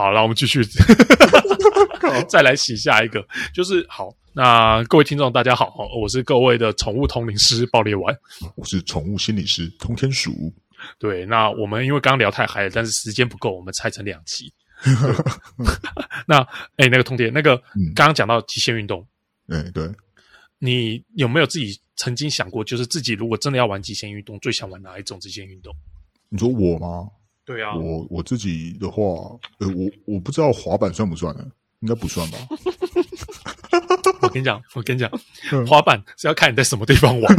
.好，那我們繼續， 再來洗下一個，就是好。那各位聽眾，大家好，我是各位的寵物通靈師爆裂丸，我是寵物心理師通天鼠。對，那我們因為剛剛聊太嗨了，但是時間不夠，我們拆成兩集。 那哎、欸，那個通天，那個剛，剛剛講到極限運動，對、嗯欸、對，你有沒有自己曾經想過，就是自己如果真的要玩極限運動，最想玩哪一種極限運動？你說我嗎？對啊，我我自己的話，呃，我我不知道滑板算不算呢？應該不算吧。 我跟你講，我跟你講、嗯，滑板是要看你在什麼地方玩。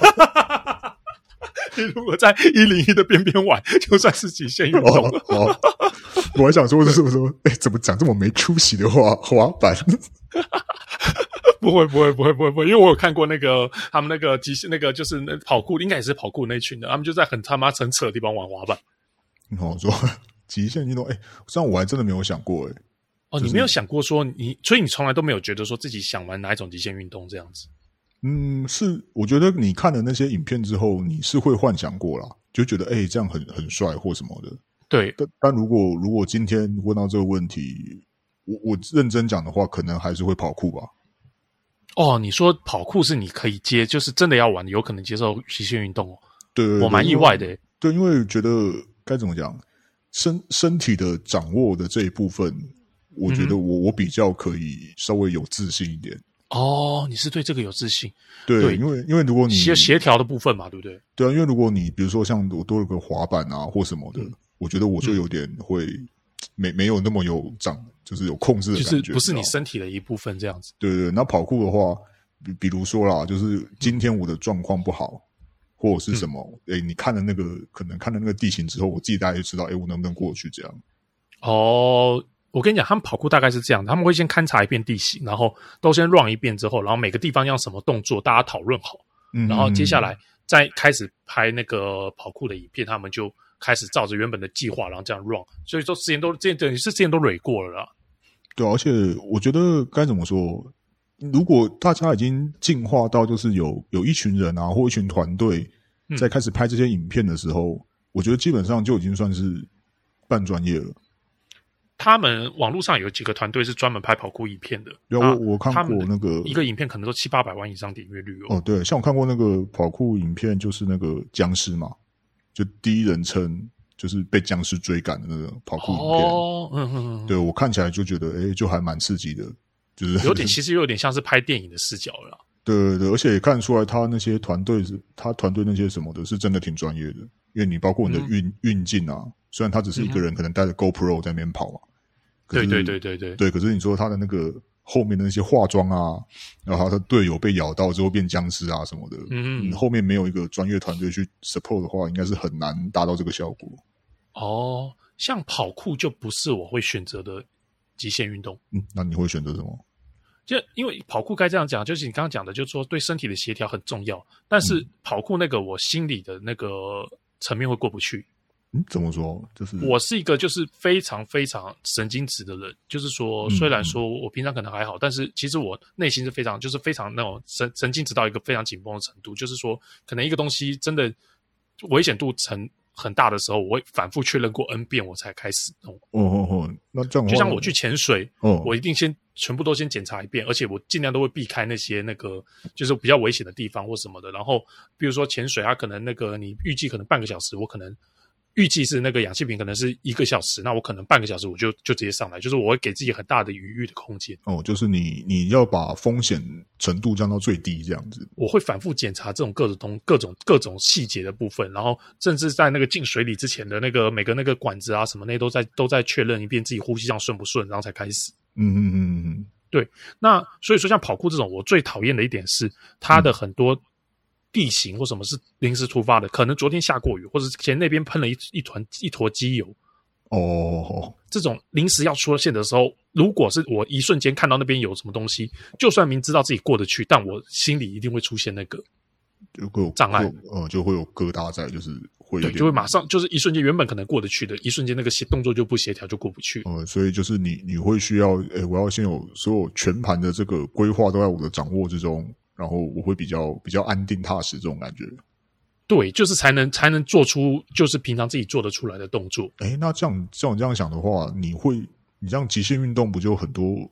你如果在一零一的邊邊玩，就算是極限運動了。啊啊、 我還想說是什麼什麼，誒怎麼講這麼沒出息的話？滑板？ 不會，不會，不會，會不會，因為，我有看過那個他們那個極限那個就是那跑酷，應該也是跑酷那一群的，他們就在很他媽很扯的地方玩滑板。哦，說極限運動，哎、欸，這樣我還真的沒有想過、欸，哎、哦、就是，你沒有想過說你，所以你從來都沒有覺得說自己想玩哪一種極限運動這樣子？嗯，是，我覺得你看了那些影片之後，你是會幻想過啦，就覺得哎、欸，這樣很很帥或什麼的。對，但但如果如果今天問到這個問題，我我認真講的話，可能還是會跑酷吧。哦，你說跑酷是你可以接，就是真的要玩，有可能接受極限運動哦。對，我蠻意外的、欸，對，因為覺得。該怎麼講？身身體的掌握的這一部分，嗯、我覺得我我比較可以稍微有自信一點。哦，你是對這個有自信？對，對因為因為如果你協協調的部分嘛，對不對？對啊，因為如果你比如說像我多了個滑板啊或什麼的、嗯，我覺得我就有點會、嗯、沒沒有那麼有掌，就是有控制的感覺，就是、不是你身體的一部分這樣子。對對對，那跑酷的話，比比如說啦，就是今天我的狀況不好。嗯嗯或者是什麼？哎、嗯欸，你看了那個，可能看了那個地形之後，我自己大概就知道，哎、欸，我能不能過去？這樣哦。我跟你講，他們跑酷大概是這樣：他們會先勘察一遍地形，然後都先 run 一遍之後，然後每個地方要什麼動作，大家討論好、嗯，然後接下來再開始拍那個跑酷的影片。他們就開始照着原本的計劃，然後這樣 run。所以說時，之前都之前等於是之前都 run 過了啦。對，而且我覺得該怎麼說？如果大家已經進化到就是有有一群人啊，或一群團隊。在開始拍這些影片的時候、嗯，我覺得基本上就已經算是半專業了。他們網絡上有幾個團隊是專門拍跑酷影片的。有、啊，我我看過那個一個影片，可能都七八百萬以上點閱率哦。哦，對，像我看過那個跑酷影片，就是那個殭屍嘛，就第一人稱就是被殭屍追趕的那個跑酷影片。哦，嗯嗯嗯，對，我看起來就覺得誒、欸、就還蠻刺激的，就是、有點其實有點像是拍電影的視角了啦。對對對，而且也看出來他那些團隊是他團隊那些什麼的，是真的挺專業的。因為你包括你的運、嗯、運鏡啊，雖然他只是一個人，可能帶着 GoPro 在那邊跑嘛、嗯。對對對對對。對，可是你說他的那個後面的那些化妝啊，然後他的隊友被咬到之後變殭屍啊什麼的嗯，嗯，後面沒有一個專業團隊去 support 的話，應該是很難達到這個效果。哦，像跑酷就不是我會選擇的極限運動。嗯，那你會選擇什麼？就因為跑酷，該這樣講，就是你剛剛講的，就是說對身體的協調很重要。但是跑酷那個，我心裡的那個層面會過不去。嗯，怎麼說？就是我是一個就是非常非常神經質的人，就是說雖然說我平常可能還好，嗯，但是其實我內心是非常就是非常那種神神經質到一個非常緊繃的程度。就是說可能一個東西真的危險度成很大的時候，我會反覆確認過 N 遍我才開始。哦哦哦，那這樣就像我去潛水，哦，我一定先。全部都先檢查一遍，而且我盡量都會避開那些那個就是比較危險的地方或什麼的。然後比如說潛水啊，可能那個你預計可能半個小時，我可能預計是那個氧氣瓶可能是一個小時，那我可能半個小時我就就直接上來，就是我會給自己很大的餘裕的空間。哦，就是你你要把風險程度降到最低這樣子。我會反復檢查這種各種東各，各種各種細節的部分，然後甚至在那個進水裡之前的那個每個那個管子啊什麼那都在都在確認一遍自己呼吸上順不順，然後才開始。嗯嗯嗯嗯，對。那所以說，像跑酷這種，我最討厭的一點是，它的很多地形或什麼，是臨時突發的，嗯。可能昨天下過雨，或者前那邊噴了一一團一坨機油。哦，這種臨時要出現的時候，如果是我一瞬間看到那邊有什麼東西，就算明知道自己過得去，但我心裡一定會出現那個，如果有障礙，呃，就會有疙瘩在，就是。對，就會馬上就是一瞬間，原本可能過得去的，一瞬間那個協動作就不協調，就過不去。呃，所以就是你你會需要，誒，我要先有所有全盤的這個規劃都在我的掌握之中，然後我會比較比較安定踏實這種感覺。對，就是才能才能做出就是平常自己做得出來的動作。誒，那這樣，像你這樣想的話，你會你這樣極限運動不就很多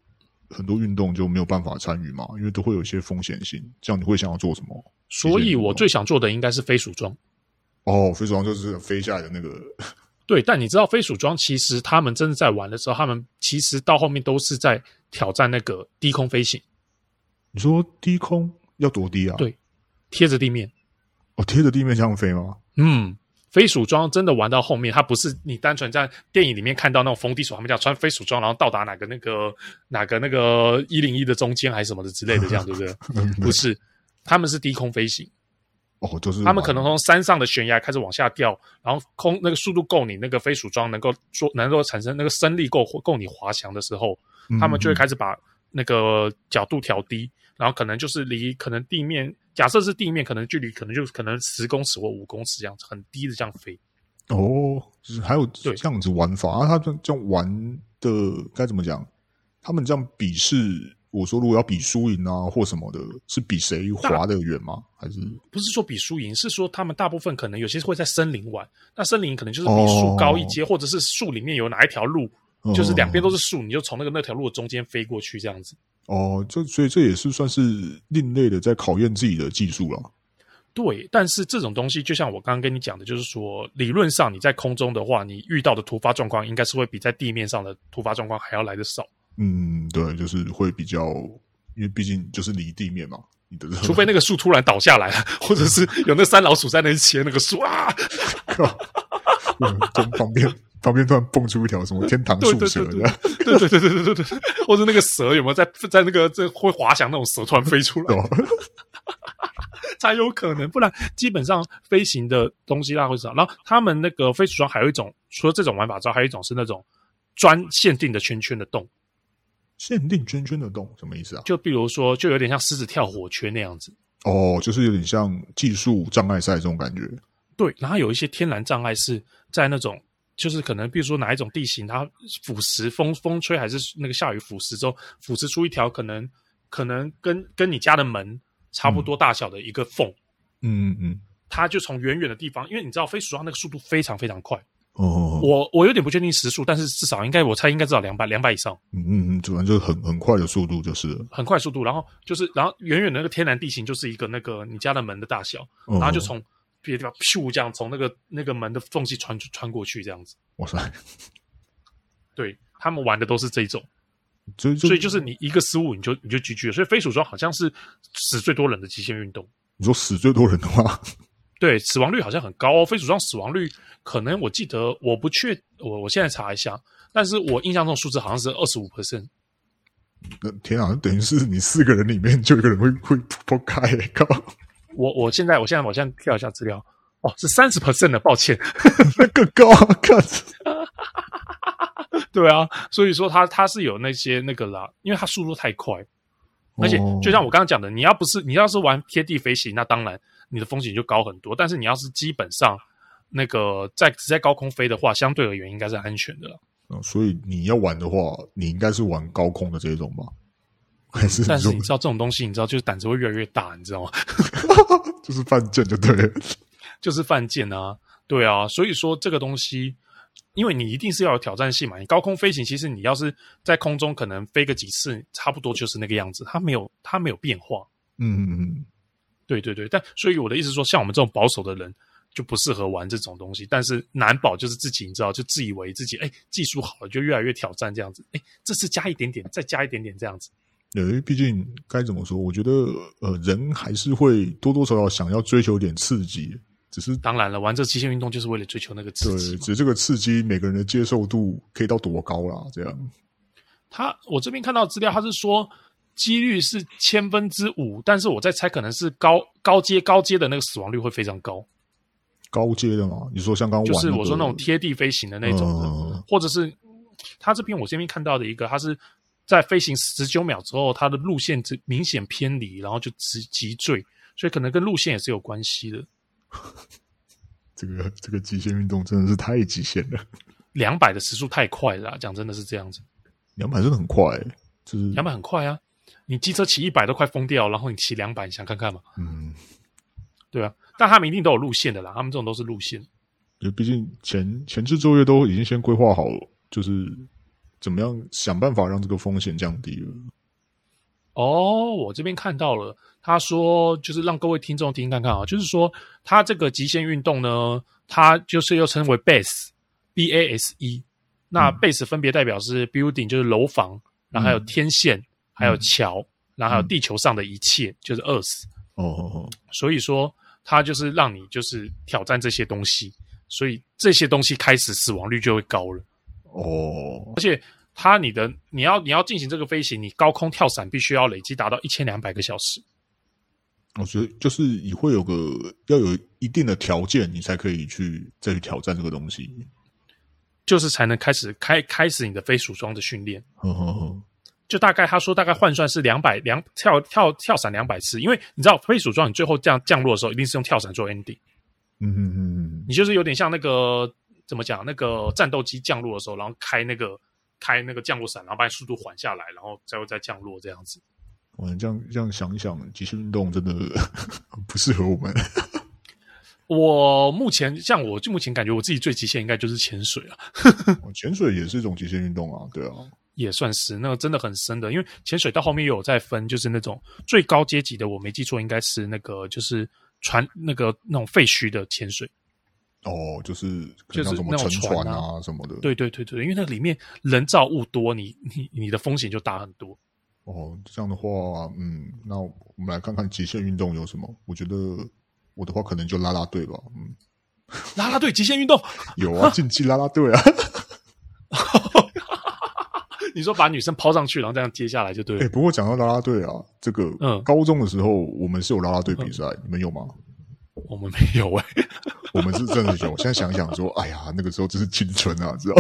很多運動就沒有辦法參與嘛？因為都會有一些風險性。這樣你會想要做什麼？所以我最想做的應該是飛鼠裝。哦，飛鼠裝就是飛下來的那個。對，但你知道飛鼠裝其實他們真的在玩的時候，他們其實到後面都是在挑戰那個低空飛行。你說低空要多低啊？對，貼着地面。哦，貼着地面這樣飛嗎？嗯，飛鼠裝真的玩到後面，它不是你單純在電影裡面看到那種封低鼠，他們叫穿飛鼠裝然後到達哪個那個哪個那個一零一的中間還是什麼的之類的，這樣 對不對？不是， 他們是低空飛行。哦，就是他們可能從山上的懸崖開始往下掉，然後空那個速度夠你那個飛鼠裝能夠說，能夠產生那個升力夠夠你滑翔的時候，嗯，他們就會開始把那個角度調低，然後可能就是離可能地面，假設是地面，可能距離可能就可能十公尺或五公尺這樣子，很低的這樣飛。哦，就是還有這樣子玩法啊，他這樣這樣玩的該怎麼講？他們這樣比試。我說，如果要比輸贏啊，或什麼的，是比誰滑得遠嗎？還是不是說比輸贏？是說他們大部分可能有些會在森林玩，那森林可能就是比樹高一階，哦，或者是樹裡面有哪一條路，哦，就是兩邊都是樹，你就從那個那條路中間飛過去這樣子。哦，就所以這也是算是另類的，在考驗自己的技術了。對，但是這種東西，就像我剛剛跟你講的，就是說理論上你在空中的話，你遇到的突發狀況應該是會比在地面上的突發狀況還要來得少。嗯，對，就是會比較，因為畢竟就是離地面嘛，你的，除非那個樹突然倒下來了， 或者是有那三老鼠在那切那個樹啊，靠，從旁邊 旁邊突然蹦出一條什麼天堂樹蛇，對對對對對對對，對，對對對， 或者那個蛇有沒有在在那個在那個會滑翔那種蛇團飛出來， 才有可能，不然基本上飛行的東西那很少。然後他們那個飛鼠裝還有一種，除了這種玩法之外，還有一種是那種鑽限定的圈圈的洞。限定圈圈的動什麼意思啊？就比如說，就有點像獅子跳火圈那樣子。哦，就是有點像技術障礙賽這種感覺。對，然後有一些天然障礙是在那種，就是可能，比如說哪一種地形，它腐蝕、風風吹還是那個下雨腐蝕之後，腐蝕出一條可能可能跟跟你家的門差不多大小的一個縫。嗯。嗯嗯，它就從遠遠的地方，因為你知道飛鼠它那個速度非常非常快。哦、oh，我我有點不確定時速，但是至少應該，我猜應該至少兩百兩百以上。嗯嗯，嗯，主要就是很很快的速度就是，很快速度。然後就是，然後遠遠的那個天然地形就是一個那個你家的門的大小，oh. 然後就從別的地方咻這樣從那個那個門的縫隙穿穿過去這樣子。哇塞！對，他們玩的都是這一種所，所以就是你一個失誤你就你就 GG 了。所以飛鼠裝好像是死最多人的極限運動。你說死最多人的話？對，死亡率好像很高哦，飛鼠裝死亡率可能，我記得我不確，我我現在查一下，但是我印象中數字好像是二十五 percent。天啊，等於是你四個人裡面就有一個人會會剖開，靠！我我現在我現在我現在調一下資料，哦，是三十 percent 的，抱歉，那個高，哈，對啊，所以說他他是有那些那個啦，因為他速度太快、哦，而且就像我剛剛講的，你要不是你要是玩貼地飛行，那當然。你的風險就高很多，但是你要是基本上那個在只在高空飛的話，相對而言應該是安全的。呃，所以你要玩的話，你應該是玩高空的這種吧？還是但是你知道這種東西，你知道就是膽子會越來越大，你知道嗎？ 就是犯賤就對了，就是犯賤啊！對啊，所以說這個東西，因為你一定是要有挑戰性嘛。你高空飛行，其實你要是在空中可能飛個幾次，差不多就是那個樣子，它沒有它沒有變化。嗯嗯嗯。對對對，但所以我的意思說，像我們這種保守的人就不適合玩這種東西。但是難保就是自己，你知道，就自以為自己，哎，技術好了，就越來越挑戰這樣子。哎，這次加一點點，再加一點點這樣子。對，畢竟該怎麼說？我覺得呃，人還是會多多少少想要追求點刺激，只是當然了，玩這極限運動就是為了追求那個刺激。對，只這個刺激，每個人的接受度可以到多高啦？這樣。他我這邊看到資料，他是說。幾率是千分之五，但是我在猜可能是高高階高階的那個死亡率會非常高。高階的嘛，你說像剛剛、那個、就是我說那種貼地飛行的那種的、嗯，或者是他這邊我這邊看到的一個，他是在飛行十九秒之後，他的路線就明顯偏離，然後就直急墜，所以可能跟路線也是有關係的。這個這個極限運動真的是太極限了，兩百的時速太快了，啊，講真的是這樣子，兩百真的很快，欸，就是兩百很快啊。你機車騎一百都快瘋掉，然後你騎兩百，你想看看嗎？嗯，對啊，但他們一定都有路線的啦。他們這種都是路線，畢竟前前置作業都已經先規劃好了，就是怎麼樣想辦法讓這個風險降低了。哦，我這邊看到了，他說就是讓各位聽眾聽聽看看啊，就是說他這個極限運動呢，他就是又稱為 base b a s e，、嗯、那 base 分別代表是 building 就是樓房，然後還有天線。嗯嗯還有橋、嗯，然後還有地球上的一切，嗯、就是 Earth。哦，哦，所以說，它就是讓你就是挑戰這些東西，所以這些東西開始死亡率就會高了。哦，而且它你的你要你要進行這個飛行，你高空跳傘必須要累積達到一千兩百個小時。我覺得就是你會有個要有一定的條件，你才可以去再去挑戰這個東西，就是才能開始開開始你的飛鼠裝的訓練。哦！哦哦就大概他說大概換算是兩百兩跳跳跳傘兩百次，因為你知道飛鼠裝你最後這樣降落的時候一定是用跳傘做 ending，嗯哼嗯嗯嗯，你就是有點像那個怎麼講那個戰鬥機降落的時候，然後開那個開那個降落傘，然後把你速度緩下來，然後再會再降落這樣子。哇，這樣這樣想一想極限運動真的不適合我們。 我目前像我就目前感覺我自己最極限應該就是潛水啊，潛 水也是一種極限運動啊，對啊。也算是那個真的很深的，因為潛水到後面又有在分，就是那種最高階級的，我沒記錯，應該是那個就是船那個那種廢墟的潛水。哦，就是可能像什麼，啊、就是那種沉船啊什麼的。對對對對，因為那裡面人造物多，你你你的風險就大很多。哦，這樣的話，啊，嗯，那我們來看看極限運動有什麼？我覺得我的話可能就拉拉隊吧，嗯， 拉拉隊極限運動有啊，競技拉拉隊啊。 你說把女生拋上去，然後這樣接下來就對了。誒、欸、不過講到啦啦隊啊，這個嗯，高中的時候我們是有啦啦隊比賽，你、嗯、們有嗎？我們沒有誒、欸、 我們是真的有。 我現在想一想說，哎呀，那個時候真是青春啊，知道？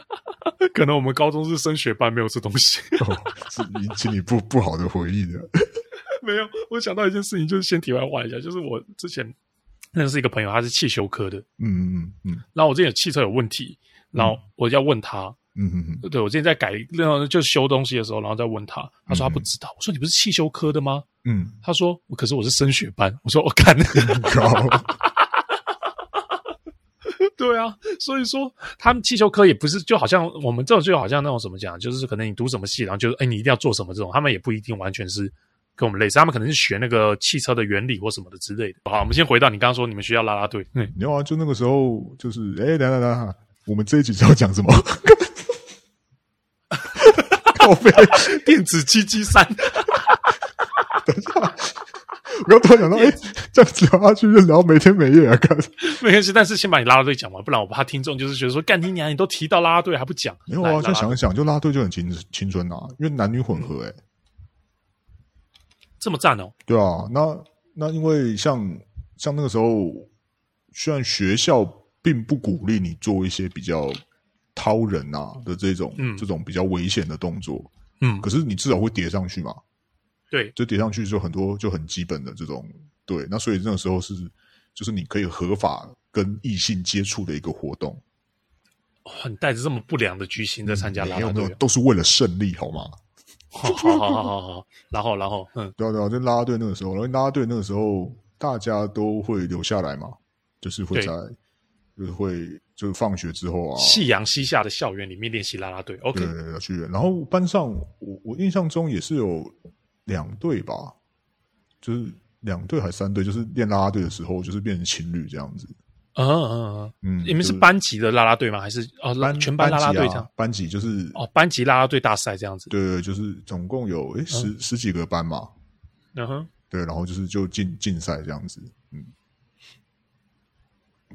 可能我們高中是升學班，沒有這東西， 是引起你不 不好的回憶的。 沒有，我想到一件事情，就是先題外話一下，就是我之前認識一個朋友，他是汽修科的，嗯嗯嗯嗯。然後我之前有汽車有問題，然後我要問他。嗯嗯嗯嗯，對，我今天在改，然後就是修東西的時候，然後再問他，他說他不知道。嗯、我說你不是汽修科的嗎？嗯，他說可是我是升學班。我說我、哦、幹的很高。嗯、 對啊，所以說他們汽修科也不是就好像我們這種就好像那種什麼講，就是可能你讀什麼系，然後就是哎你一定要做什麼這種，他們也不一定完全是跟我們類似，他們可能是學那個汽車的原理或什麼的之類的。好，我們先回到你剛剛說你們學校拉拉隊，嗯、你有、哦、啊？就那個時候就是哎，等等等，我們這一集要講什麼？ 報 廢 電子雞雞雞，等一下，我又突然想到，哎，這樣子聊下去就聊每天每夜啊，幹沒關係，但是先把你拉拉隊講完，不然我怕聽眾就是覺得說，幹你娘，你都提到拉拉隊還不講？沒、欸、有啊，就想一想，就拉隊就很青青春啊，因為男女混合、欸，哎、嗯，這麼讚哦。對啊，那那因為像像那個時候，雖然學校並不鼓勵你做一些比較。掏人吶、啊、的這種、嗯，這種比較危險的動作，嗯，可是你至少會疊上去嘛，對，就疊上去就很多就很基本的這種，對，那所以那個時候是，就是你可以合法跟異性接觸的一個活動。哇、哦，你帶着這麼不良的居心在參加拉拉隊，都是為了勝利好嗎？好 好好好好，然後然後，嗯，對啊對啊，就拉拉隊那個時候，因為拉拉隊那個時候大家都會留下來嘛，就是會在。就是會，就是放學之後啊，夕陽西下的校園裡面練習啦啦隊。對 OK，對，然後班上我我印象中也是有兩隊吧，就是兩隊還是三隊，就是練啦啦隊的時候，就是變成情侶這樣子。嗯嗯啊！嗯，你們是班級的啦啦隊嗎？還是哦班，全班啦啦隊這、啊、班級就是哦，班級啦啦隊大賽這樣子。對就是總共有誒、uh-huh. 十十幾個班嘛。嗯哼。對，然後就是就進競賽這樣子。嗯。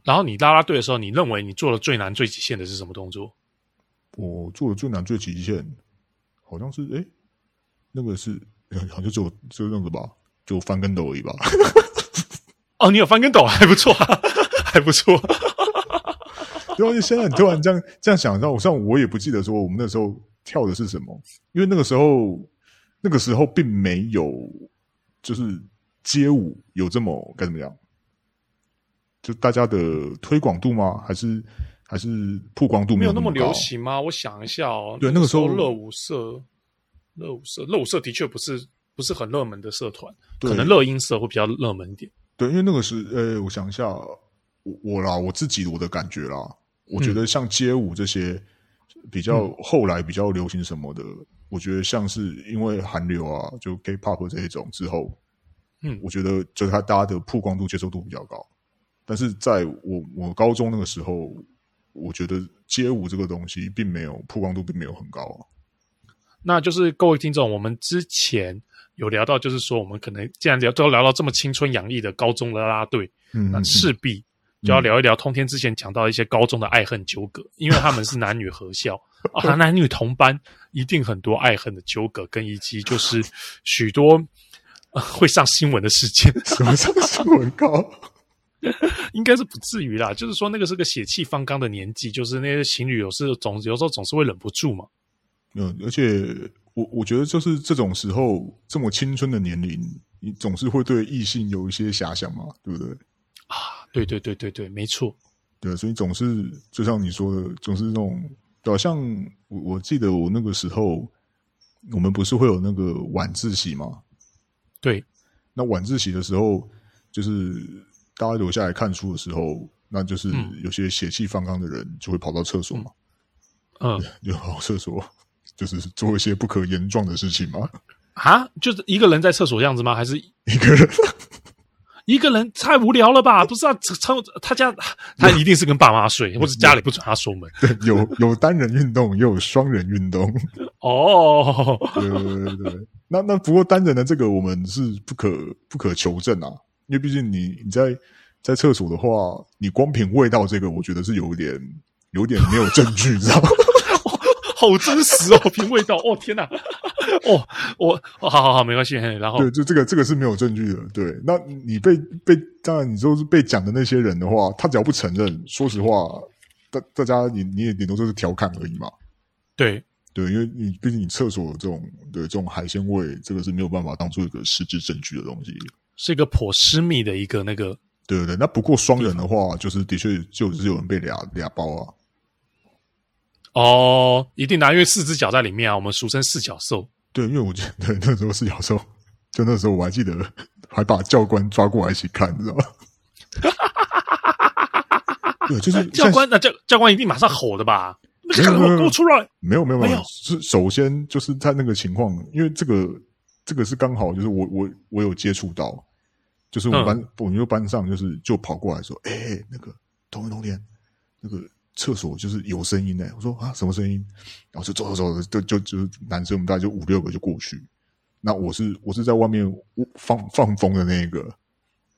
然後你拉拉隊的時候，你認為你做的最難最極限的是什麼動作？我做的最難最極限，好像是哎，那個是好像就就這樣子吧，就翻跟斗而已吧。 哦，你有翻跟斗，還不錯， 還不錯。因 為 現在你突然這樣這樣想到，我，讓我我也不記得說我們那時候跳的是什麼，因為那個時候那個時候並沒有就是街舞有這麼該怎麼講。就大家的推廣度嗎？還是還是曝光度沒有，沒有那麼流行嗎？我想一下哦、喔。對，那個時候熱舞社、熱舞社、熱舞社的確不是不是很熱門的社團，可能熱音社會比較熱門一點。對，因為那個是……呃、欸，我想一下，我我啦，我自己的我的感覺啦，我覺得像街舞這些、嗯、比較後來比較流行什麼的，嗯、我覺得像是因為韓流啊，就 K-pop 這一種之後，嗯，我覺得就是它大家的曝光度、接受度比較高。但是在我我高中那個時候，我覺得街舞這個東西並沒有曝光度並沒有很高、啊。那就是各位聽眾，我們之前有聊到，就是說我們可能既然聊都聊到這麼青春洋溢的高中啦啦隊，那、嗯、勢必就要聊一聊通天之前講到一些高中的愛恨糾葛，嗯、因為他們是男女合校、 哦，男女同班， 一定很多愛恨的糾葛，跟以及就是許多、 呃、會上新聞的事件。什麼上新聞高？ 應該是不至於啦，就是說那個是個血氣方剛的年紀，就是那些情侶有時，總有時候總是會忍不住嘛。嗯，而且我我覺得就是這種時候這麼青春的年齡，你總是會對異性有一些遐想嘛，對不對？啊，對對對對對，沒錯。對，所以總是就像你說的，總是那種，好像我我記得我那個時候，我們不是會有那個晚自習嘛？對，那晚自習的時候就是。大家留下來看書的時候，那就是有些血氣方剛的人就會跑到廁所嘛，嗯，就跑到廁所，就是做一些不可言狀的事情嗎？啊，就是一個人在廁所這樣子嗎？還是一個人？ 一個人太無聊了吧？ 不知道、啊、他家，他一定是跟爸媽睡，嗯、或者家裡不准他鎖門。對，有有單人運動，也有雙人運動。哦，對對對對，那那不過單人的這個我們是不可不可求證啊。因為畢竟你你在在廁所的話，你光憑味道這個，我覺得是有點有點沒有證據，你知道嗎？好真實哦，憑味道哦，天哪！哦，我好好好，沒關係。然後對，就這個這個是沒有證據的。對，那你被被當然，你就是被講的那些人的話，嗯、他只要不承認，說實話，大大家你你也頂多就是調侃而已嘛。對對，因為你畢竟你廁所的這種對這種海鮮味，這個是沒有辦法當做一個實質證據的東西。是一個頗私密的一個那個，對對對，那不過雙人的話，啊，就是的確就只有人被倆倆包啊。哦，一定拿、啊、因為四隻腳在裡面啊，我們俗稱四腳獸。對，因為我覺得對那時候四腳獸，就那時候我還記得，還把教官抓過來一起看，你知道嗎？ 對，就是教官，那教教官一定馬上吼的吧？那個沒有沒出來沒有沒有沒有，沒有沒有沒有哎、是首先就是在那個情況，因為這個這個是剛好就是我我我有接觸到。就是我們班，嗯、我們就班上，就是就跑過來說，哎、欸，那個同一天，那個廁所就是有聲音呢。我說啊，什麼聲音？然後我就走走走，就就就男生我們大概就五六個就過去。那我是我是在外面放放風的那一個，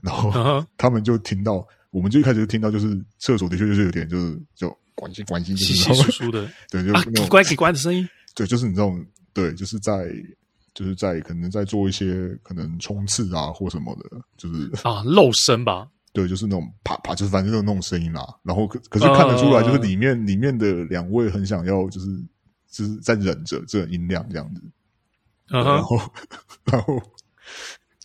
然後他們就聽到，嗯、我們就一開始就聽到，就是廁所的確就是有點、就是，就,關西關西就是就關心關心，窸窸窣窣的， 對，就那種啊，奇怪奇怪的聲音，對，就是你這種，對，就是在。就是在可能在做一些可能衝刺啊或什麼的，就是啊，漏聲吧。對，就是那種啪啪，就是反正就那種聲音啦、啊。然後可可是看得出來，就是裡面、呃、裡面的兩位很想要，就是就是在忍着這種音量這樣子、嗯。然後，然後，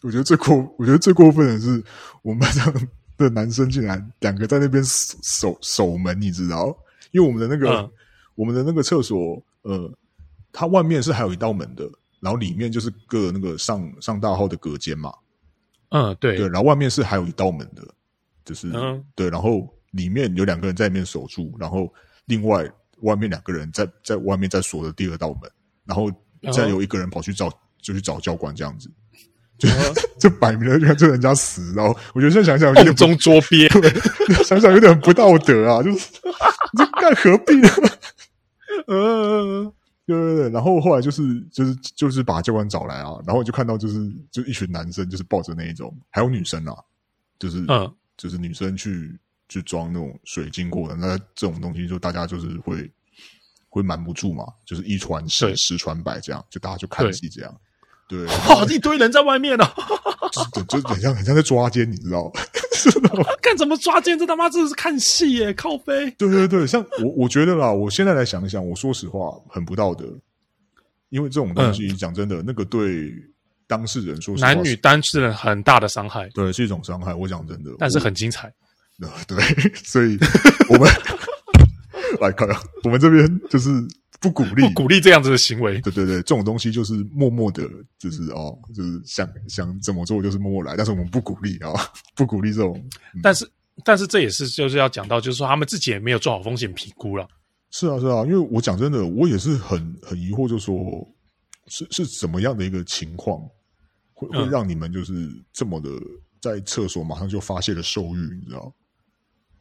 我覺得最過分，我覺得最過分的是我們班上的男生竟然兩個在那邊守守、守門，你知道？因為我們的那個、嗯、我們的那個廁所，呃，它外面是還有一道門的。然後裡面就是個那個上上大號的隔間嘛，嗯對，對，然後外面是還有一道門的，就是、嗯，對，然後裡面有兩個人在裡面守住，然後另外外面兩個人在在外面在鎖着第二道門，然後再有一個人跑去找就去找教官這樣子，就、嗯、就擺明了就趁人家死，然後我覺得現在想想有點甕中捉鱉， 對，想想有點不道德啊，就是 這幹何必呢？嗯。對對對，然後後來就是就是就是把教官找來啊，然後就看到就是就一群男生就是抱着那一種，還有女生啊，就是嗯，就是女生去去裝那種水晶過的那這種東西，就大家就是會會瞞不住嘛，就是一傳十十傳百這樣，就大家就看戲這樣。對，對哇，一堆人在外面啊，就就很像很像在抓奸，你知道 是的，看 怎麼抓姦，這他媽真的是看戲耶，欸！靠背，對對對，像我，我覺得啦，我現在來想一想，我說實話，很不道德，因為這種東西，講、嗯、真的，那個對當事人說實話，男女當事人很大的傷害，對，是一種傷害。我講真的，但是很精彩。對，所以我們 來看啊，我們這邊就是。不鼓勵，不鼓勵這樣子的行為。對對對，這種東西就是默默的，就是 哦，就是想想怎麼做，就是默默來。但是我們不鼓勵啊、哦，不鼓勵這種、嗯。但是，但是這也是就是要講到，就是說他們自己也沒有做好風險評估了。是啊，是啊，因為我講真的，我也是很很疑惑，就說、嗯、是是怎麼樣的一個情況，會會讓你們就是這麼的在廁所馬上就發洩了獸慾，你知道？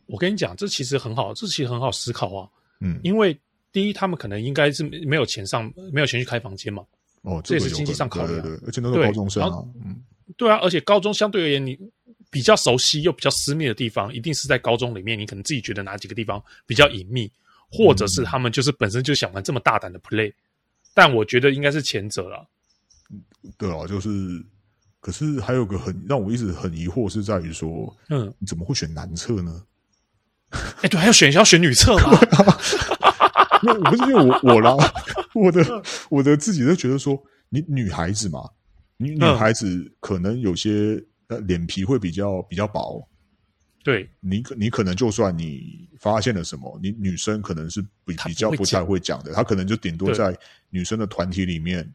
我跟你講，這其實很好，這其實很好思考啊。嗯，因為。第一，他們可能應該是沒有錢上，沒有錢去開房間嘛。哦，這個，這也是經濟上考慮的。而且那個高中生啊對、嗯，對啊，而且高中相對而言，你比較熟悉又比較私密的地方，一定是在高中裡面。你可能自己覺得哪幾個地方比較隱秘，或者是他們就是本身就想玩這麼大膽的 play、嗯。但我覺得應該是前者啦。對啊，就是，可是還有個很讓我一直很疑惑是在於說，嗯，你怎麼會選男廁呢？哎，對、啊，還要選要選女廁嘛？ 不是因為我我啦，我的我的自己都覺得說，你女孩子，嘛，你女孩子可能有些呃臉皮會比較比較薄，對，你可你可能就算你發現了什麼，你女生可能是比比較不太會講的，她可能就頂多在女生的團體裡面，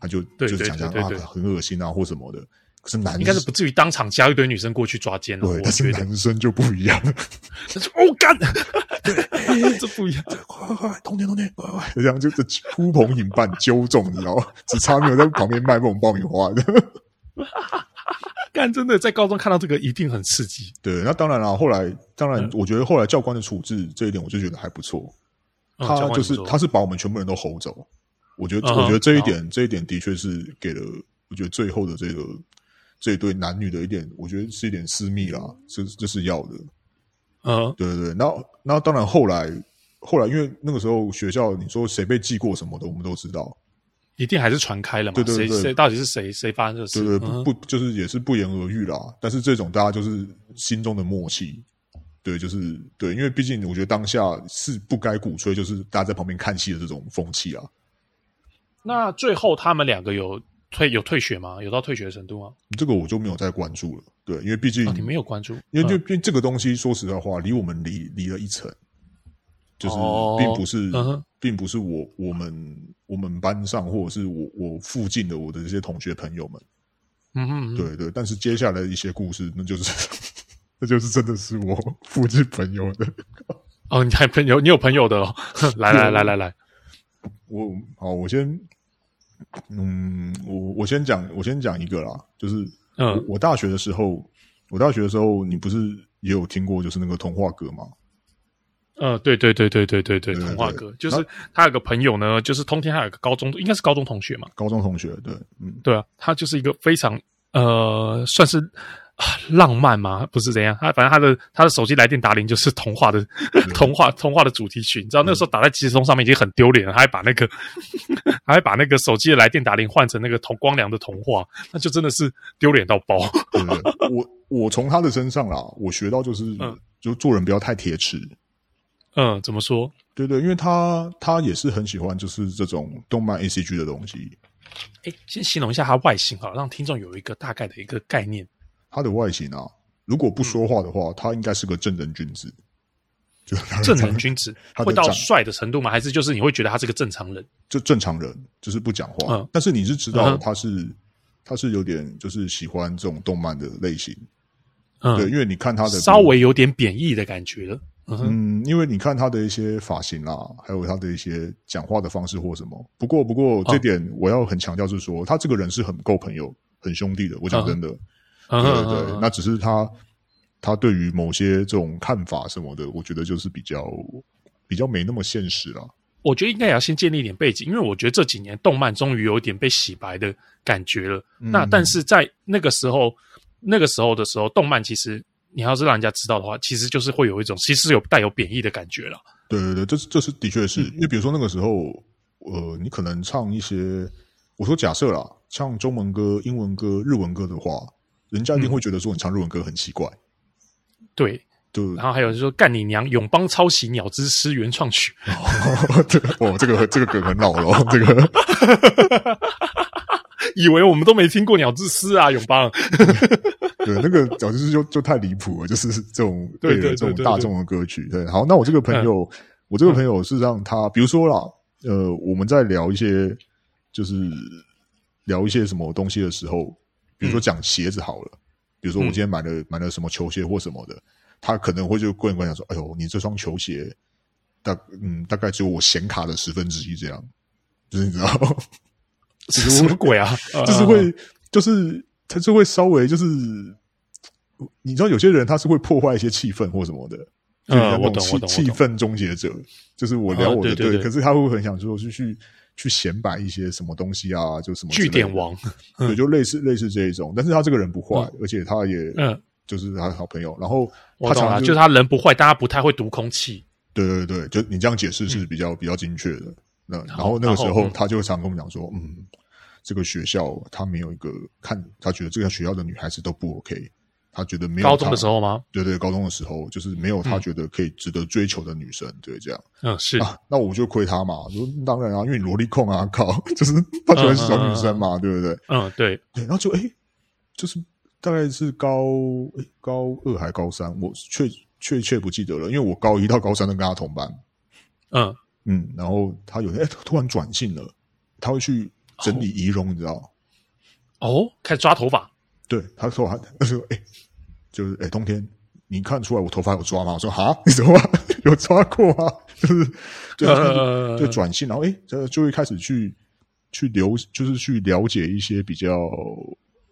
她就就講講啊，她很噁心啊或什麼的。可是男生，應該是不至於當場加一堆女生過去抓姦了對。對，但是男生就不一樣了，那就歐乾，對嘿嘿，這不一樣。快快快，冬天冬天，這樣就這呼朋引伴揪中，你知道嗎？只差沒有在旁邊賣那種爆米花的。 乾，真的在高中看到這個一定很刺激。對，那當然了，後來當然，我覺得後來教官的處置這一點，我就覺得還不錯。嗯、他就是他是把我們全部人都吼走，我覺得、嗯、我覺得這一點這一點的確是給了我覺得最後的這個。這一對男女的一點，我覺得是一點私密啦，這這、就是要的，嗯，對對對。那那當然後，後來後來，因為那個時候學校，你說誰被記過什麼的，我們都知道，一定還是傳開了嘛。對對對,對，誰誰到底是誰誰發生這事？對對,對、嗯，不,不就是也是不言而喻啦。但是這種大家就是心中的默契，對，就是對，因為畢竟我覺得當下是不該鼓吹，就是大家在旁邊看戲的這種風氣啊。那最後他們兩個有？退有退學嗎？有到退學的程度嗎？這個我就沒有再關注了，對，因為畢竟、哦、你沒有關注，因為就、嗯、這個東西，說實在話，離我們離離了一層，就是並不是、哦嗯、並不是我我們我們班上或者是我我附近的我的這些同學朋友們，嗯哼嗯哼，對對，但是接下來一些故事，那就是嗯哼嗯哼 那就是真的是我附近朋友的 哦，你還朋友，你有朋友的哦， 來來來來來，我，我好，我先。嗯，我我先講，我先講一個啦，就是嗯，我大學的時候，我大學的時候，你不是也有聽過，就是那個童話歌嗎？嗯，對對對對對對對，對，對，童話歌對對對。就是他有個朋友呢，就是通天，還有個高中，應該是高中同學嘛，高中同學，對，嗯，對啊，他就是一個非常呃，算是浪漫嗎？不是怎樣，他反正他的他的手機來電答鈴就是童話的童話童話的主題曲，你知道那個時候打在即時通上面已經很丟臉了，他還把那個 還把那個手機的來電答鈴換成那個童光良的童話，那就真的是丟臉到爆。我我從他的身上啊，我學到就是、嗯、就做人不要太鐵齒。嗯，怎麼說？對對，對，因為他他也是很喜歡就是這種動漫 A C G 的東西。哎、欸，先形容一下他外形哈，讓聽眾有一個大概的一個概念。他的外形啊，如果不說話的話，嗯、他應該是個正人君子。正人君子會到帥的程度嗎？還是就是你會覺得他是個正常人？就正常人，就是不講話、嗯。但是你是知道他是、嗯、他是有點就是喜歡這種動漫的類型。嗯，對，因為你看他的稍微有點貶義的感覺了嗯。嗯，因為你看他的一些髮型啦、啊，還有他的一些講話的方式或什麼。不過不過、嗯、這點我要很強調，是說他這個人是很夠朋友、很兄弟的。我講真的。嗯 對對對，那只是他他對於某些這種看法什麼的，我覺得就是比較比較沒那麼現實了。我覺得應該也要先建立一點背景，因為我覺得這幾年動漫終於有一點被洗白的感覺了。嗯、那但是在那個時候，那個時候的時候，動漫其實你要是讓人家知道的話，其實就是會有一種其實有帶有貶義的感覺了。對對對，這是這是的確是、嗯、因為，比如說那個時候，呃，你可能唱一些，我說假設啦，唱中文歌、英文歌、日文歌的話。人家一定會覺得說你唱日文歌很奇怪。嗯，對，對，然後還有就是說幹你娘，永邦抄襲《鳥之詩》原創曲。哦，這個這個梗很老了，這個以為我們都沒聽過《鳥之詩》啊，永邦 、嗯。對，那個就《鳥之詩》就就太離譜了，就是這種對對這種大眾的歌曲對對對對對。對，好，那我這個朋友，嗯、我這個朋友是讓他，嗯，比如說啦，呃，我們在聊一些就是聊一些什麼東西的時候，比如說講鞋子好了，比如說我今天買了、嗯、買了什麼球鞋或什麼的，他可能會就個人觀點說：“哎呦，你這雙球鞋，大嗯大概只有我顯卡的十分之一這樣，就是你知道什麼鬼啊？ 就是會、嗯、就是他、就是會稍微就是，你知道有些人他是會破壞一些氣氛或什麼的，就是那種氣、嗯、氣氛終結者，就是我聊我的對，嗯、對對對，可是他會很想說就去。”去顯擺一些什麼東西啊？就什麼句點王？嗯，對，就類似類似這一種。但是他這個人不壞、嗯，而且他也嗯，就是他的好朋友。然後他我懂了，常常就是他人不壞，但他不太會讀空氣。對對對，就你這樣解釋是比較、嗯、比較精確的。那、嗯、然後那個時候他就常常跟我們講說，嗯，這個學校他沒有一個看，他覺得這個學校的女孩子都不 OK。他覺得沒有高中的時候嗎？對對，高中的時候就是沒有他覺得可以值得追求的女生，嗯，對，這樣。嗯，是。啊，那我就虧他嘛，當然啊，因為蘿莉控啊，靠，就是他喜歡是小女生嘛，嗯，對不對，對？嗯，對。對然後就哎、欸，就是大概是高、欸、高二還高三，我確確確不記得了，因為我高一到高三都跟他同班。嗯嗯，然後他有哎、欸，他突然轉性了，他會去整理儀容，哦，你知道嗎？哦，開始抓頭髮。對，他頭髮，他說哎。欸就是誒，冬天，你看出來我頭髮有抓嗎？我說哈，你怎麼 有抓過啊？就是對、嗯、就就轉性，然後誒這就會開始去去留，就是去了解一些比較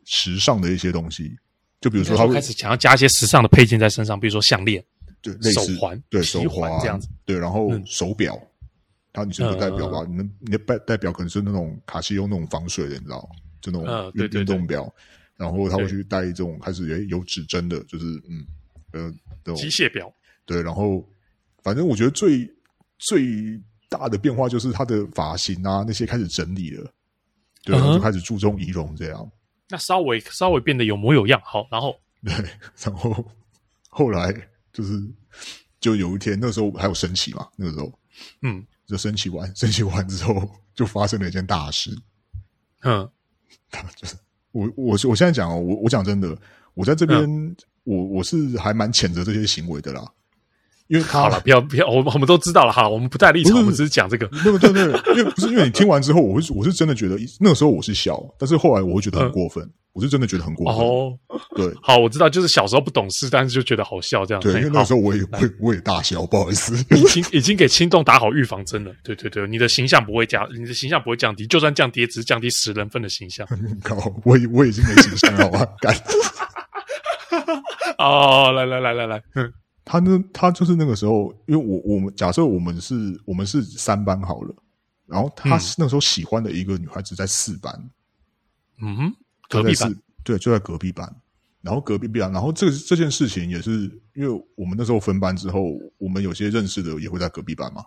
時尚的一些東西。就比如說他，他會開始想要加一些時尚的配件在身上，比如說項鏈、對，類似手環、對手環、啊、環這樣子，對，然後手錶。他、嗯、後你是個代表吧？你、嗯、們你的代代表可能是那種卡西歐那種防水的，你知道嗎？就那種運動錶。嗯對對對然後他會去帶一種開始有指針的，就是嗯嗯的、呃、機械錶。對。然後反正我覺得最最大的變化就是他的髮型啊，那些開始整理了，對，嗯、然後就開始注重儀容這樣，那稍微稍微變得有模有樣好。然後對，然後後來就是就有一天，那時候還有升旗嘛，那個時候嗯就升旗完，升旗完之後就發生了一件大事，嗯，他們就是。我我我現在講哦，我我講真的，我在這邊、嗯，我我是還蠻譴責這些行為的啦，因為他好了，不要不要，我們我們都知道了哈，我們不帶立場，我們只是講這個，不 對對對，因為不是因為你聽完之後，我是我是真的覺得那時候我是笑，但是後來我會覺得很過分。嗯我是真的覺得很過分哦。對，好，我知道，就是小時候不懂事，但是就覺得好笑這樣。對，因為那個時候我也會、哦，我也大笑，不好意思已。已經已經給聽眾打好預防針了。 對對對，你的形象不會降，你的形象不會降低，就算降低，也只是降低十人份的形象。很高，我我已經沒形象了。 好吧？哦，來來來來來，嗯，他那他就是那個時候，因為我我們假設我們是我們是三班好了，然後他那時候喜歡的一個女孩子在四班，嗯，嗯哼。隔壁班，對，就在隔壁班。然後隔壁班，然後這個這件事情也是，因為我們那時候分班之後，我們有些認識的也會在隔壁班嘛。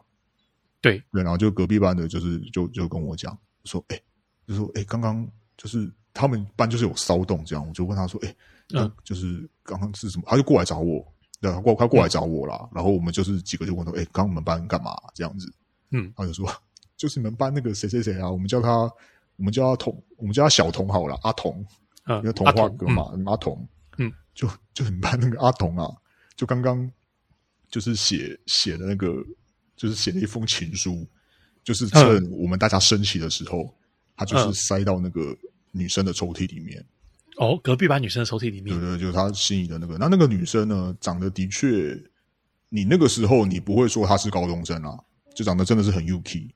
對，對，然後就隔壁班的、就是，就是就就跟我講說，哎、欸，就說哎、欸，剛剛就是他們班就是有騷動這樣，我就問他說，哎、欸，嗯、啊，就是剛剛是什麼？他就過來找我，對，他過他過來找我了、嗯。然後我們就是幾個就問他，哎、欸，剛我們班幹嘛這樣子？嗯，他就說，就是你們班那個誰誰誰啊，我們叫他。我們叫他童，我們叫他小童好了，阿童、嗯，因為童話哥嘛，阿、啊、童，嗯，嗯就就很怕那個阿童啊，就剛剛就是寫寫的那個，就是寫了一封情書，就是趁我們大家升旗的時候，嗯、他就是塞到那個女生的抽屜裡面、嗯。哦，隔壁班女生的抽屜裡面，對，對對，就是他心儀的那個。那那個女生呢，長得的確，你那個時候你不會說她是高中生啊，就長得真的是很 UK。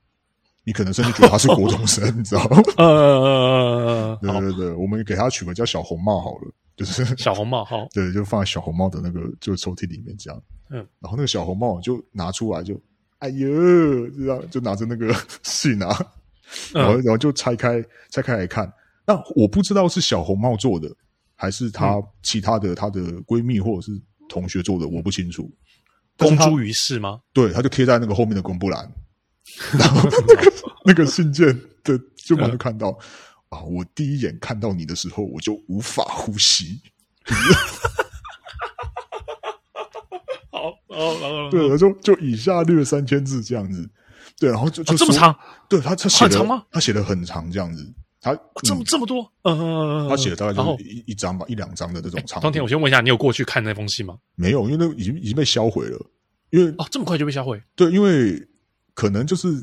你可能甚至覺得他是國中生， 你知道嗎？呃，呃 對對對，對，我們給他取個叫小紅帽好了，就是 小紅帽。好，對，就放在小紅帽的那個就抽屜裡面這樣。嗯，然後那個小紅帽就拿出來就，就哎呦，這樣、啊、就拿着那個信啊，然後然後就拆開，拆開來看、嗯。那我不知道是小紅帽做的，還是她其他的她的閨蜜或者是同學做的，我不清楚。公諸於世嗎？是對，他就貼在那個後面的公佈欄。 然後那個 那個信件的就把他看到 啊！我第一眼看到你的時候，我就無法呼吸。 好，然後對，就就以下略三千字這樣子。對，然後就就、啊、這麼長？對他他寫的很長嗎？他寫的很長這樣子。他、哦、這麼、嗯、這麼多？嗯，他寫的大概就是一、嗯、一張吧，一兩張的這種長。當、欸、天，我先問一下，你有過去看那封信嗎？沒有，因為那已經已經被銷毀了。因為哦、啊，這麼快就被銷毀？對，因為。可能就是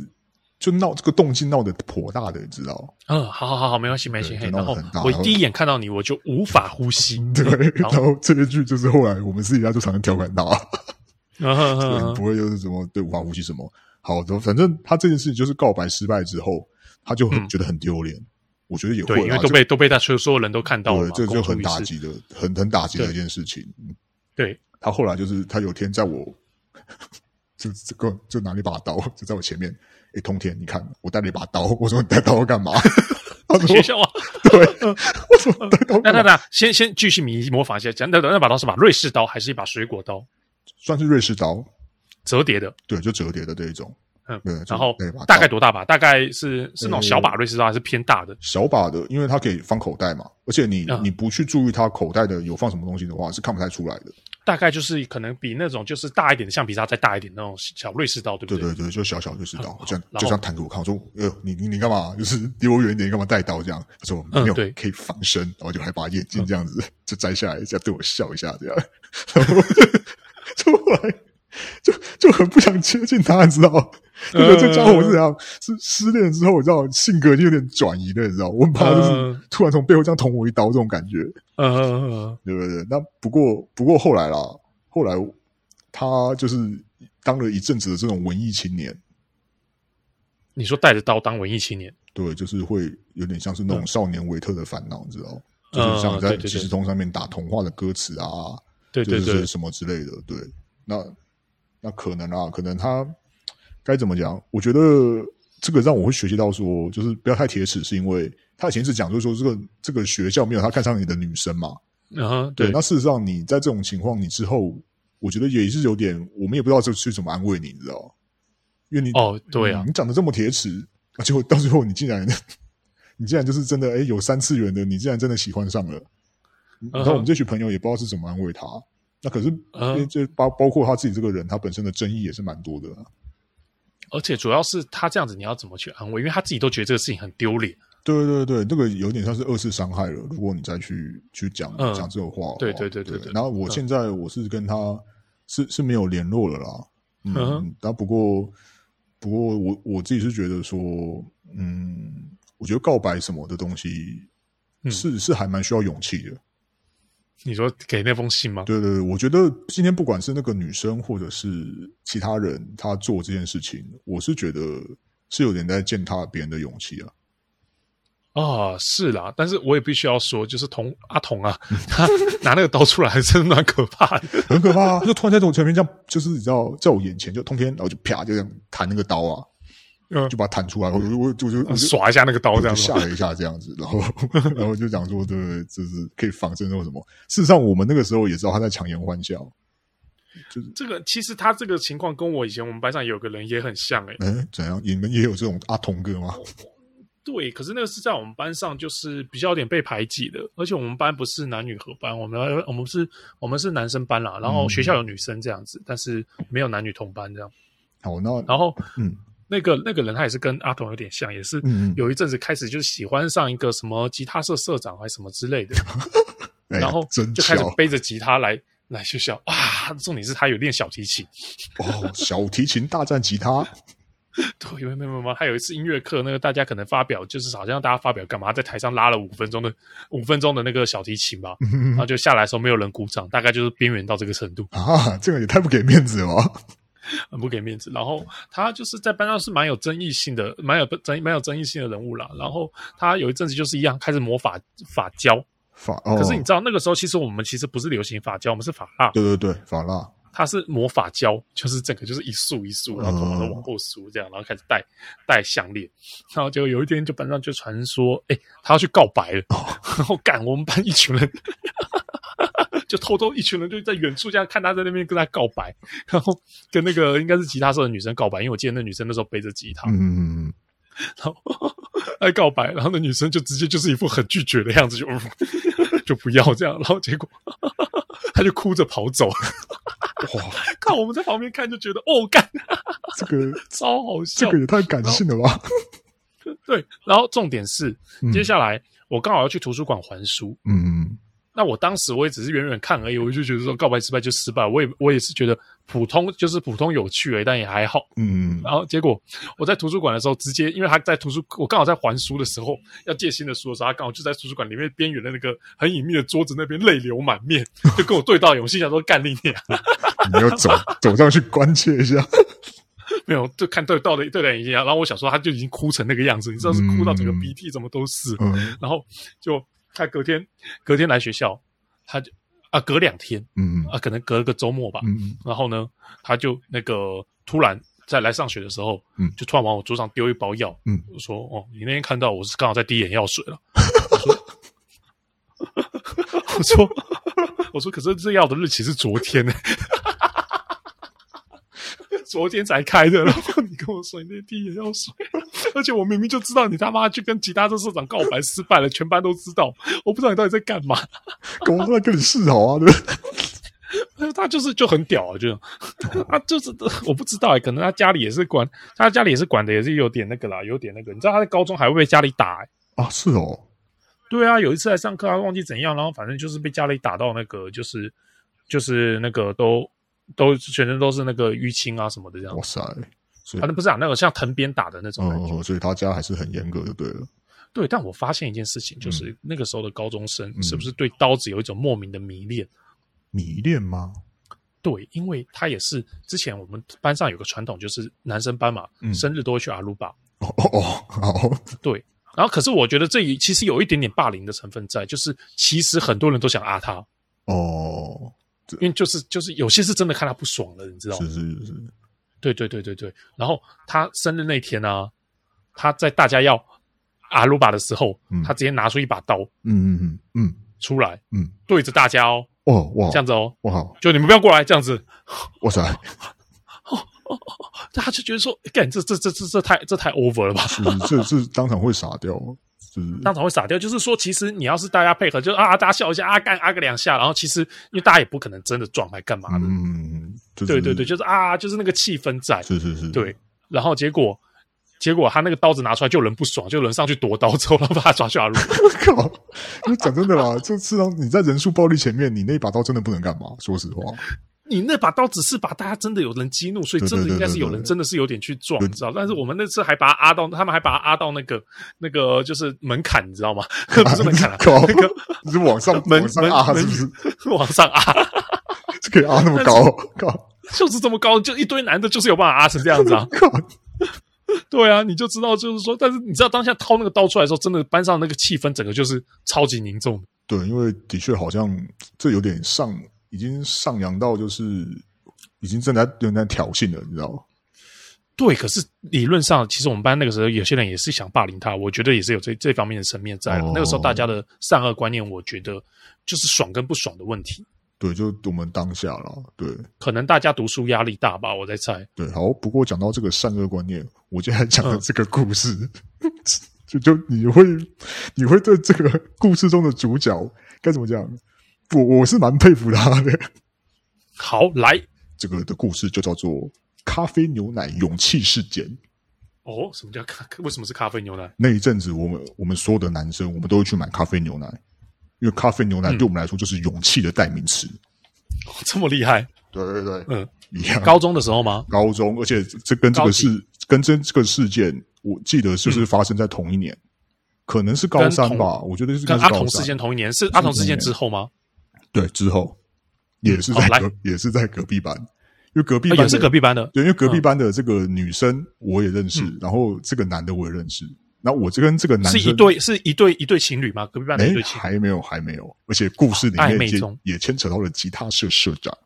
就鬧這個動靜鬧得頗大的、欸，你知道？嗯、哦，好好好好，沒關係沒關係。然後,然後,然後我第一眼看到你，我就無法呼吸， 對、嗯。然後這一句就是後來我們私底下就常常調侃他， 不會又是什麼對無法呼吸什麼？好，反正他這件事情就是告白失敗之後，他就很覺得很丟臉、嗯。我覺得也會，因為都被都被他所有所有人都看到了對，這個、就很打擊的，很很打擊的一件事情。對，他後來就是他有天在我。 就這個，就拿了一把刀，就在我前面。欸，通天，你看，我帶了一把刀。我說，你帶刀我幹嘛？ 他說學校。啊。對，嗯、我說帶刀我。那那那，那，先先繼續迷模仿一下，講那那那把刀是把瑞士刀還是一把水果刀？算是瑞士刀，折疊的，對，就折疊的這一種。嗯，對，然後大概多大吧？嗯、大概是是那種小把瑞士刀，嗯，還是偏大的？小把的，因為它可以放口袋嘛。而且你，嗯、你不去注意它口袋的有放什麼東西的話，是看不太出來的。大概就是可能比那種就是大一點的橡皮擦，再大一點那種小瑞士刀，對不對？對對對，就小小瑞士刀。這樣就這樣，彈給我看，我說：“呃，你你你幹嘛？就是離我遠一點，你幹嘛帶刀這樣？”他說：“沒有，對，可以防身。嗯”然後就還把眼鏡這樣子就摘下來，這樣對我笑一下，這樣。嗯、然後就後來就就很不想接近他，你知道嗎？覺得 這傢伙是怎樣？Uh -huh. 是失戀之後，你知道性格就有點轉移的，你知道？我很怕就是突然從背後這樣捅我一刀，這種感覺，嗯、uh -huh.， 對不對？那不過，不過後來啦，後來他就是當了一陣子的這種文藝青年。你說帶着刀當文藝青年？對，就是會有點像是那種少年維特的煩惱，你、uh -huh. 知道？就是像在即時通上面打童話的歌詞啊，對對對，什麼之類的，uh -huh. 對,對,對,對,對。那那可能啊，可能他。該怎麼講？我覺得這個讓我會學習到，說就是不要太鐵齒，是因為他以前一直講，就是說這個這個學校沒有他看上你的女生嘛。啊、uh-huh，對。那事實上你在這種情況，你之後我覺得也是有點，我們也不知道這去怎麼安慰你，你知道？因為你哦，oh, 對啊，你講的這麼鐵齒，啊，結果到最後你竟然你竟然就是真的，誒，有三次元的，你竟然真的喜歡上了。Uh-huh. 然後我們這群朋友也不知道是怎麼安慰他。那可是、uh-huh. 這包包括他自己這個人，他本身的爭議也是蠻多的。而且主要是他這樣子，你要怎麼去安慰？因為他自己都覺得這個事情很丟臉。對對對，那個有點像是二次傷害了。如果你再去去講講、嗯、這種話好不好，對對對對，對，對，對，對。然後我現在我是跟他是、嗯、是，是沒有聯絡了啦。嗯，呵呵。但不過不過我我自己是覺得說，嗯，我覺得告白什麼的東西是、嗯、是，是還蠻需要勇氣的。你說給那封信嗎？對對對，我覺得今天不管是那個女生或者是其他人，他做這件事情，我是覺得是有點在踐踏別人的勇氣啊。啊、哦，是啦，但是我也必須要說，就是同阿童啊，啊，他、嗯、拿那個刀出來還是蠻可怕，的，很可怕、啊，就突然在我前面這樣，就是你知道，在我眼前就通天，然後就啪，就這樣彈那個刀啊。就把他彈出來，我、嗯、我我就，我就耍一下那個刀，這樣嚇了一下，這樣子，然後 然後就講說，對不對，對？就是可以防身那種什麼？事實上，我們那個時候也知道他在強顏歡笑。就是這個，其實他這個情況跟我以前我們班上有個人也很像哎、欸。嗯、欸，怎樣？你們也有這種阿童哥嗎？對，可是那個是在我們班上，就是比較有點被排擠的。而且我們班不是男女合班，我們我們是我們是男生班啦。然後學校有女生這樣子，嗯、但是沒有男女同班這樣。好，那然後嗯。那個那個人他也是跟阿童有點像，也是有一陣子開始就喜歡上一個什麼吉他社社長還是什麼之類的、嗯 哎，然後就開始背着吉他來來學校。哇，重點是他有練小提琴。哦，小提琴大戰吉他。 對，有沒沒有他有,有一次音樂課，那個大家可能發表，就是好像大家發表幹嘛，在台上拉了五分鐘的五分鐘的那個小提琴吧、嗯，然後就下來的時候沒有人鼓掌，大概就是邊緣到這個程度啊，這個也太不給面子了。很不給面子，然後他就是在班上是蠻有爭議性的，蠻有爭蠻有爭議性的人物啦。然後他有一陣子就是一樣開始魔法髮膠，法法哦、可是你知道那個時候其實我們其實不是流行髮膠，我們是髮蠟。對對對，髮蠟。他是魔法膠，就是整個就是一束一束，然後頭髮都往後梳這樣，然後開始戴戴項鏈。然後結果有一天就班上就傳說，哎、欸，他要去告白了，哦、然後趕我們班一群人。 就偷偷一群人就在遠處這樣看他在那邊跟他告白，然後跟那個應該是吉他社的女生告白，因為我記得那女生那時候背着吉他，嗯，然後他告白，然後那女生就直接就是一副很拒絕的樣子就，就就不要這樣，然後結果他就哭着跑走了。哇！看我們在旁邊看就覺得哦，幹，這個超好笑，這個也太感性了吧？對。然後重點是，嗯、接下來我剛好要去圖書館還書，嗯。那我當時我也只是遠遠看而已，我就覺得說告白失敗就失敗，我也我也是覺得普通就是普通有趣而、欸、已，但也還好。嗯，然後結果我在圖書館的時候，直接因為他在圖書，我剛好在還書的時候要借新的書的時候，他剛好就在圖書館裡面邊緣的那個很隱秘的桌子那邊淚流滿面， 就跟我對到有，我心想說，幹你你沒有走 走上去關切一下，沒有就看對到了對到眼睛，然後我想說他就已經哭成那個樣子、嗯，你知道是哭到整個鼻涕怎麼都是，嗯、然後就。他隔天，隔天來學校，他就啊隔兩天，嗯嗯啊可能隔了個周末吧，嗯嗯，然後呢，他就那個突然在來上學的時候，嗯，就突然往我桌上丟一包藥，嗯，我說哦，你那天看到我是剛好在滴眼藥水了，嗯、我說 我說，我說，可是這藥的日期是昨天呢？欸， 昨天才開的，然後你跟我說你那天滴眼藥水了。而且我明明就知道你他媽去跟其他的社長告白失敗了， 全班都知道。我不知道你到底在幹嘛，搞不好在跟你示好啊，對不？他就是就很屌、啊，就 他就是我不知道、欸、可能他家裡也是管，他家裡也是管的，也是有點那個啦，有點那個。你知道他在高中還會被家裡打、欸、啊？是哦，對啊，有一次在上課、啊，他忘記怎樣，然後反正就是被家裡打到那個，就是就是那個都都全身都是那個淤青啊什麼的，這樣。哇塞他正、啊、不是啊，那個像藤鞭打的那種哦、嗯，所以他家還是很嚴格的，對了。對，但我發現一件事情，就是、嗯、那個時候的高中生是不是對刀子有一種莫名的迷戀？迷戀嗎？對，因為他也是之前我們班上有個傳統，就是男生班嘛，嗯、生日都會去阿魯巴。哦哦哦，對。然後，可是我覺得這裡其實有一點點霸凌的成分在，就是其實很多人都想阿、啊、他。哦。因為就是就是有些是真的看他不爽的，你知道嗎？是是是，是。對對對對對，然後他生日那天呢、啊，他在大家要阿魯巴的時候，他直接拿出一把刀，嗯嗯嗯嗯，出來，嗯，對着大家哦，哦哇，這樣子哦，哇，就你們不要過來，這樣子，哇塞，哦哦，他就覺得說，幹，這這這這這太這太 over 了吧，是這是是是是當場會傻掉。是是是當場會傻掉，就是說，其實你要是大家配合，就啊，大家笑一下，啊幹啊個兩下，然後其實因為大家也不可能真的撞來幹嘛的，嗯、就是，對對對，就是啊，就是那個氣氛在，是是是、是，對，然後結果結果他那個刀子拿出來就有人不爽，就有人上去奪刀之後，然後把他抓下路，啊，靠！因為講真的啦，就是啊，你在人數暴力前面，你那一把刀真的不能幹嘛，說實話。你那把刀只是把大家真的有人激怒，所以真的應該是有人真的是有點去撞，對對對對對你知道？但是我們那次還把他挖到他們還把他挖到那個那個就是門檻，你知道嗎？啊、不是門檻、啊、是高，那個是往上門往上挖是不是？往上挖， 可以挖那麼高，高？就是這麼高，就一堆男的，就是有辦法挖成這樣子啊？ 對啊，你就知道就是說，但是你知道當下掏那個刀出來的時候，真的班上的那個氣氛整個就是超級凝重。對，因為的確好像這有點上。已經上揚到就是已經正在正在挑釁了，你知道嗎？對，可是理論上，其實我們班那個時候有些人也是想霸凌他，我覺得也是有這這方面的層面在、哦、那個時候大家的善惡觀念，我覺得就是爽跟不爽的問題。對，就我們當下了。對，可能大家讀書壓力大吧，我在猜。對，好，不過講到這個善惡觀念，我現在講的這個故事，嗯、 就就你會你會對這個故事中的主角該怎麼講？我我是蠻佩服他的、啊。好，來這個的故事就叫做“咖啡牛奶勇氣事件”。哦，什麼叫咖？為什麼是咖啡牛奶？那一陣子我，我們我們所有的男生，我們都會去買咖啡牛奶，因為咖啡牛奶對我們來說就是勇氣的代名詞、嗯哦。這麼厲害？對對對，嗯，高中的時候嗎？高中，而且這跟這個事，跟這這個事件，我記得就是發生在同一年，嗯、可能是高三吧。我覺得是跟，跟阿童事件同一年，是阿童事件之後嗎？對，之後也是在隔、嗯哦、也是在隔壁班，因為隔壁班也是隔壁班的。對，因為隔壁班的這個女生我也認識，嗯、然後這個男的我也認識。那我就跟這個男生是一對是一對一對情侶嗎？隔壁班的一對情侶沒還沒有還沒有，而且故事裡面也牽扯到了吉他社社長。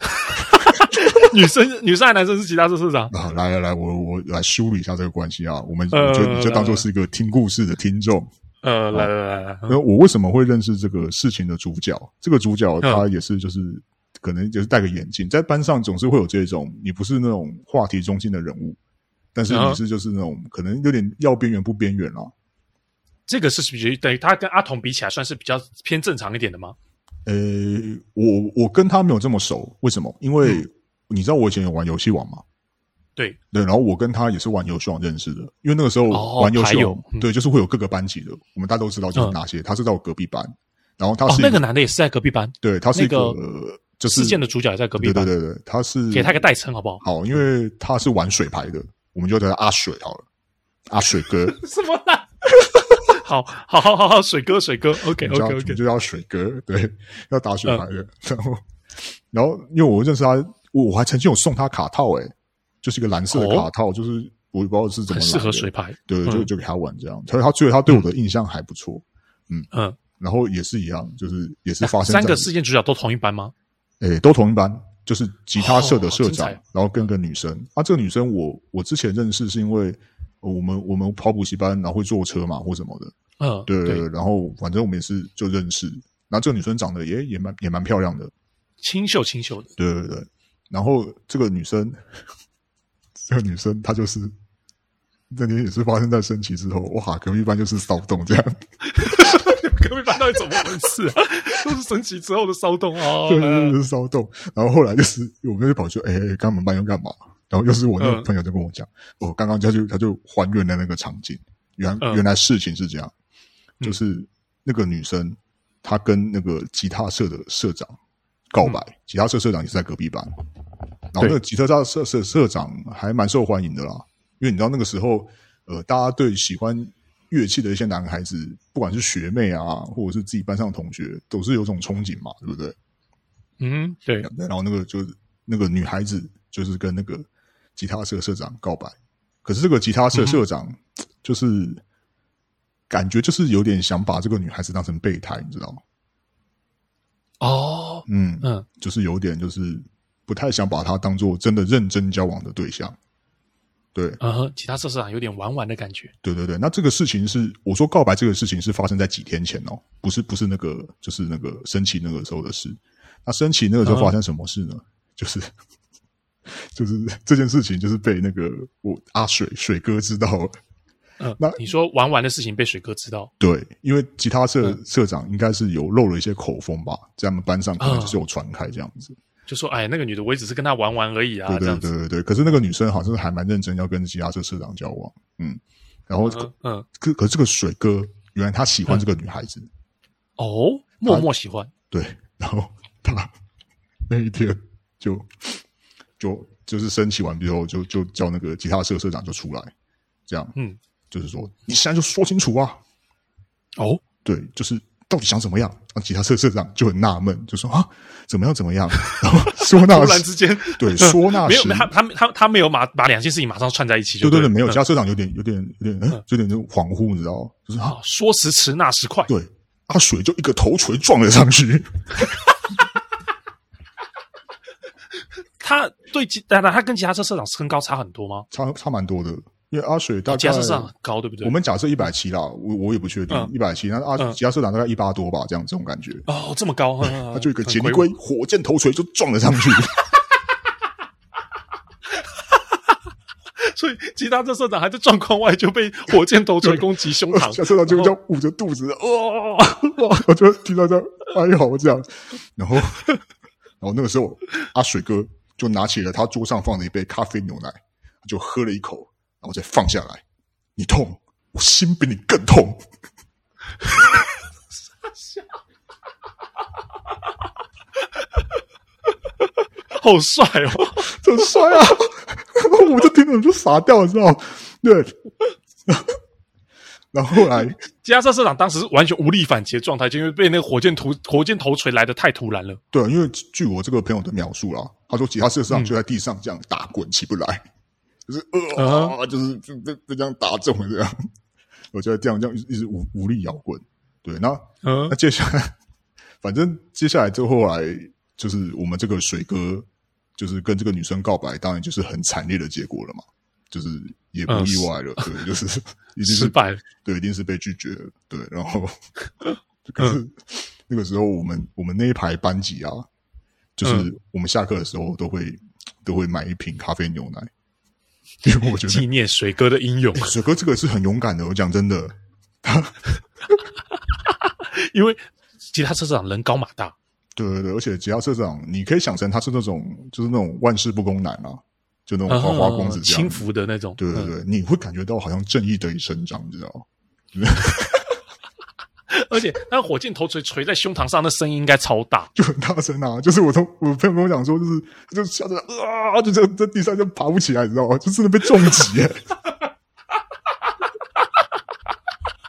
哦、 女生女生還是男生是吉他社社長好 呃、來來來，我我來梳理一下這個關係啊。我們就、呃、就當做是一個聽故事的聽眾。呃呃，嗯、來了來來來、嗯，那我為什麼會認識這個事情的主角？這個主角他也是就是，可能就是戴個眼鏡、嗯，在班上總是會有這種，你不是那種話題中心的人物，但是你是就是那種，嗯、可能有點要邊緣不邊緣了。這個是比較等於他跟阿童比起來算是比較偏正常一點的嗎？呃、欸，我我跟他沒有這麼熟，為什麼？因為你知道我以前有玩遊戲王嗎？對對，然後我跟他也是玩遊戲認識的，因為那個時候玩遊戲，哦哦嗯、對，就是會有各個班級的，我們大家都知道就是哪些。嗯、他是在我隔壁班，然後他是個、哦、那個男的也是在隔壁班，對，他是一個、那個呃、就是，事件的主角也在隔壁班，對對對，對，他是給他一個代稱好不好？好，因為他是玩水牌的，我們就叫他阿水好了，阿、嗯啊、水哥。 什麼辣？ 好好好好好，水哥水哥，OK OK OK，, okay. 就叫水哥，對，要打水牌的。嗯、然後然後，因為我認識他，我，我還曾經有送他卡套誒、欸。就是一個藍色的卡套，oh, 就是我不知道是怎麼適合水牌，對，嗯、就就給他玩這樣。他她覺得他對我的印象還不錯，嗯嗯,嗯，然後也是一樣，就是也是發生三個事件主角都同一班嗎？誒、欸，都同一班，就是吉他社的社長，oh, 然後跟一個女生。啊，這個女生我我之前認識是因為我們我們跑補習班，然後會坐車嘛或什麼的，嗯，對對對，然後反正我們也是就認識。那這個女生長得也也蠻也蠻漂亮的，清秀清秀的，對對對。然後這個女生。 那個女生，她就是那天也是發生在升旗之後，哇！隔壁班就是騷動這樣。 隔壁班到底怎麼回事？啊？ 都是升旗之後的騷動啊，對，就是騷動、嗯。然後後來就是我們就跑去，哎、欸，剛剛我們班要幹嘛？然後又是我那個朋友就跟我講，哦、嗯，剛剛他就他就還原了那個場景，原原來事情是這樣，嗯、就是那個女生她跟那個吉他社的社長告白、嗯，吉他社社長也是在隔壁班。然後那個吉他社社社長還蠻受歡迎的啦，因為你知道那個時候，呃，大家對喜歡樂器的一些男孩子，不管是學妹啊，或者是自己班上的同學，都是有種憧憬嘛，對不對？嗯，對。然後那個就是那個女孩子，就是跟那個吉他社社長告白，可是這個吉他社社長就是、嗯、感覺就是有點想把這個女孩子當成備胎，你知道嗎？哦，嗯嗯，就是有點就是。不太想把他當做真的認真交往的對象，對，啊、uh -huh,，吉他社長有點玩玩的感覺，對對對。那這個事情是我說告白這個事情是發生在幾天前哦，不是不是那個，就是那個升旗那個時候的事。那升旗那個時候發生什麼事呢？Uh -huh. 就是就是這件事情就是被那個我阿、啊、水水哥知道了。嗯、uh,，那你說玩玩的事情被水哥知道？對，因為吉他社、uh -huh. 社長應該是有漏了一些口風吧，在他們班上可能就是有傳開這樣子。Uh -huh. 就說：“哎，那個女的，我也只是跟她玩玩而已啊。”對對對對對。可是那個女生好像還蠻認真，要跟吉他社社長交往。嗯，然後，嗯，可嗯可，可這個水哥，原來他喜歡這個女孩子。嗯、哦，默默喜歡。對，然後他 那一天就就就是升旗完畢後，就就叫那個吉他社社長就出來，這樣。嗯，就是說你現在就說清楚啊。哦，對，就是。到底想怎麼樣？啊，吉他社社長就很納悶，就說啊，怎麼樣怎麼樣？然後說那時 突然之間，對說那是沒有他他他他沒有馬把兩件事情馬上串在一起對，對對對，沒有吉他社長有點有點有點嗯，有點、有點、有點、有點恍惚，你知道嗎？就是啊，說時遲那時快，對，阿、啊、水就一個頭錘撞了上去。 他對吉他他跟吉他社社長身高差很多嗎？差差蠻多的。因為阿水大概，其他社長很高，對不對？我們假設一百七啦，我我也不確定，一百七。170, 那阿水，嗯、其他社長大概一八多吧，這樣這種感覺。哦，這麼高，嗯、他就一個鐵皮龜，火箭頭錘就撞了上去了。哈哈哈哈哈哈哈哈哈哈哈哈哈哈哈所以其他社社長還在狀況外，就被火箭頭錘攻擊胸膛，其他社長就這樣捂着肚子，哇哇！我就聽到這哎喲我這樣。然後，然後那個時候，阿水哥就拿起了他桌上放的一杯咖啡牛奶，就喝了一口。然後再放下來，你痛，我心比你更痛。傻，哈哈哈哈哈哈哈哈哈哈！好帥哦，真帥啊！我就聽着就傻掉，你知道嗎？對。然後後來吉他社社長當時完全無力反擊的狀態，就因為被那個火箭頭火箭頭錘來得太突然了。對，因為據我這個朋友的描述啦，他說吉他社社長就在地上這樣打滾，起不來。就是呃、啊，uh -huh. 就是被被，被這樣打中這樣，uh，-huh. 我就這樣這樣一直無無力搖滾。對，那，uh -huh. 那接下來，反正接下來就後來就是我們這個水哥就是跟這個女生告白，當然就是很慘烈的結果了嘛，就是也不意外了，uh -huh. 對，就是一定是 失敗，對，一定是被拒絕了，對。然後，可，uh -huh. 是那個時候我們我們那一排班級啊，就是我們下課的時候都會、uh -huh. 都、會都會買一瓶咖啡牛奶。因為我覺得紀念水哥的英勇、欸，水哥這個是很勇敢的。我講真的， 因為吉他社長人高馬大，對對對，而且吉他社長，你可以想成他是那種就是那種玩世不恭那啊，就那種花花公子這樣、嗯哼哼哼、輕浮的那種，對對對，你會感覺到好像正義得以伸張，你知道嗎？嗯哼哼 而且，那火箭頭錘錘在胸膛上的聲音應該超大，就很大聲啊！就是我從我朋友跟我講說，就是就嚇得啊，就在在地上就爬不起來，你知道嗎？就真的被重擊哈、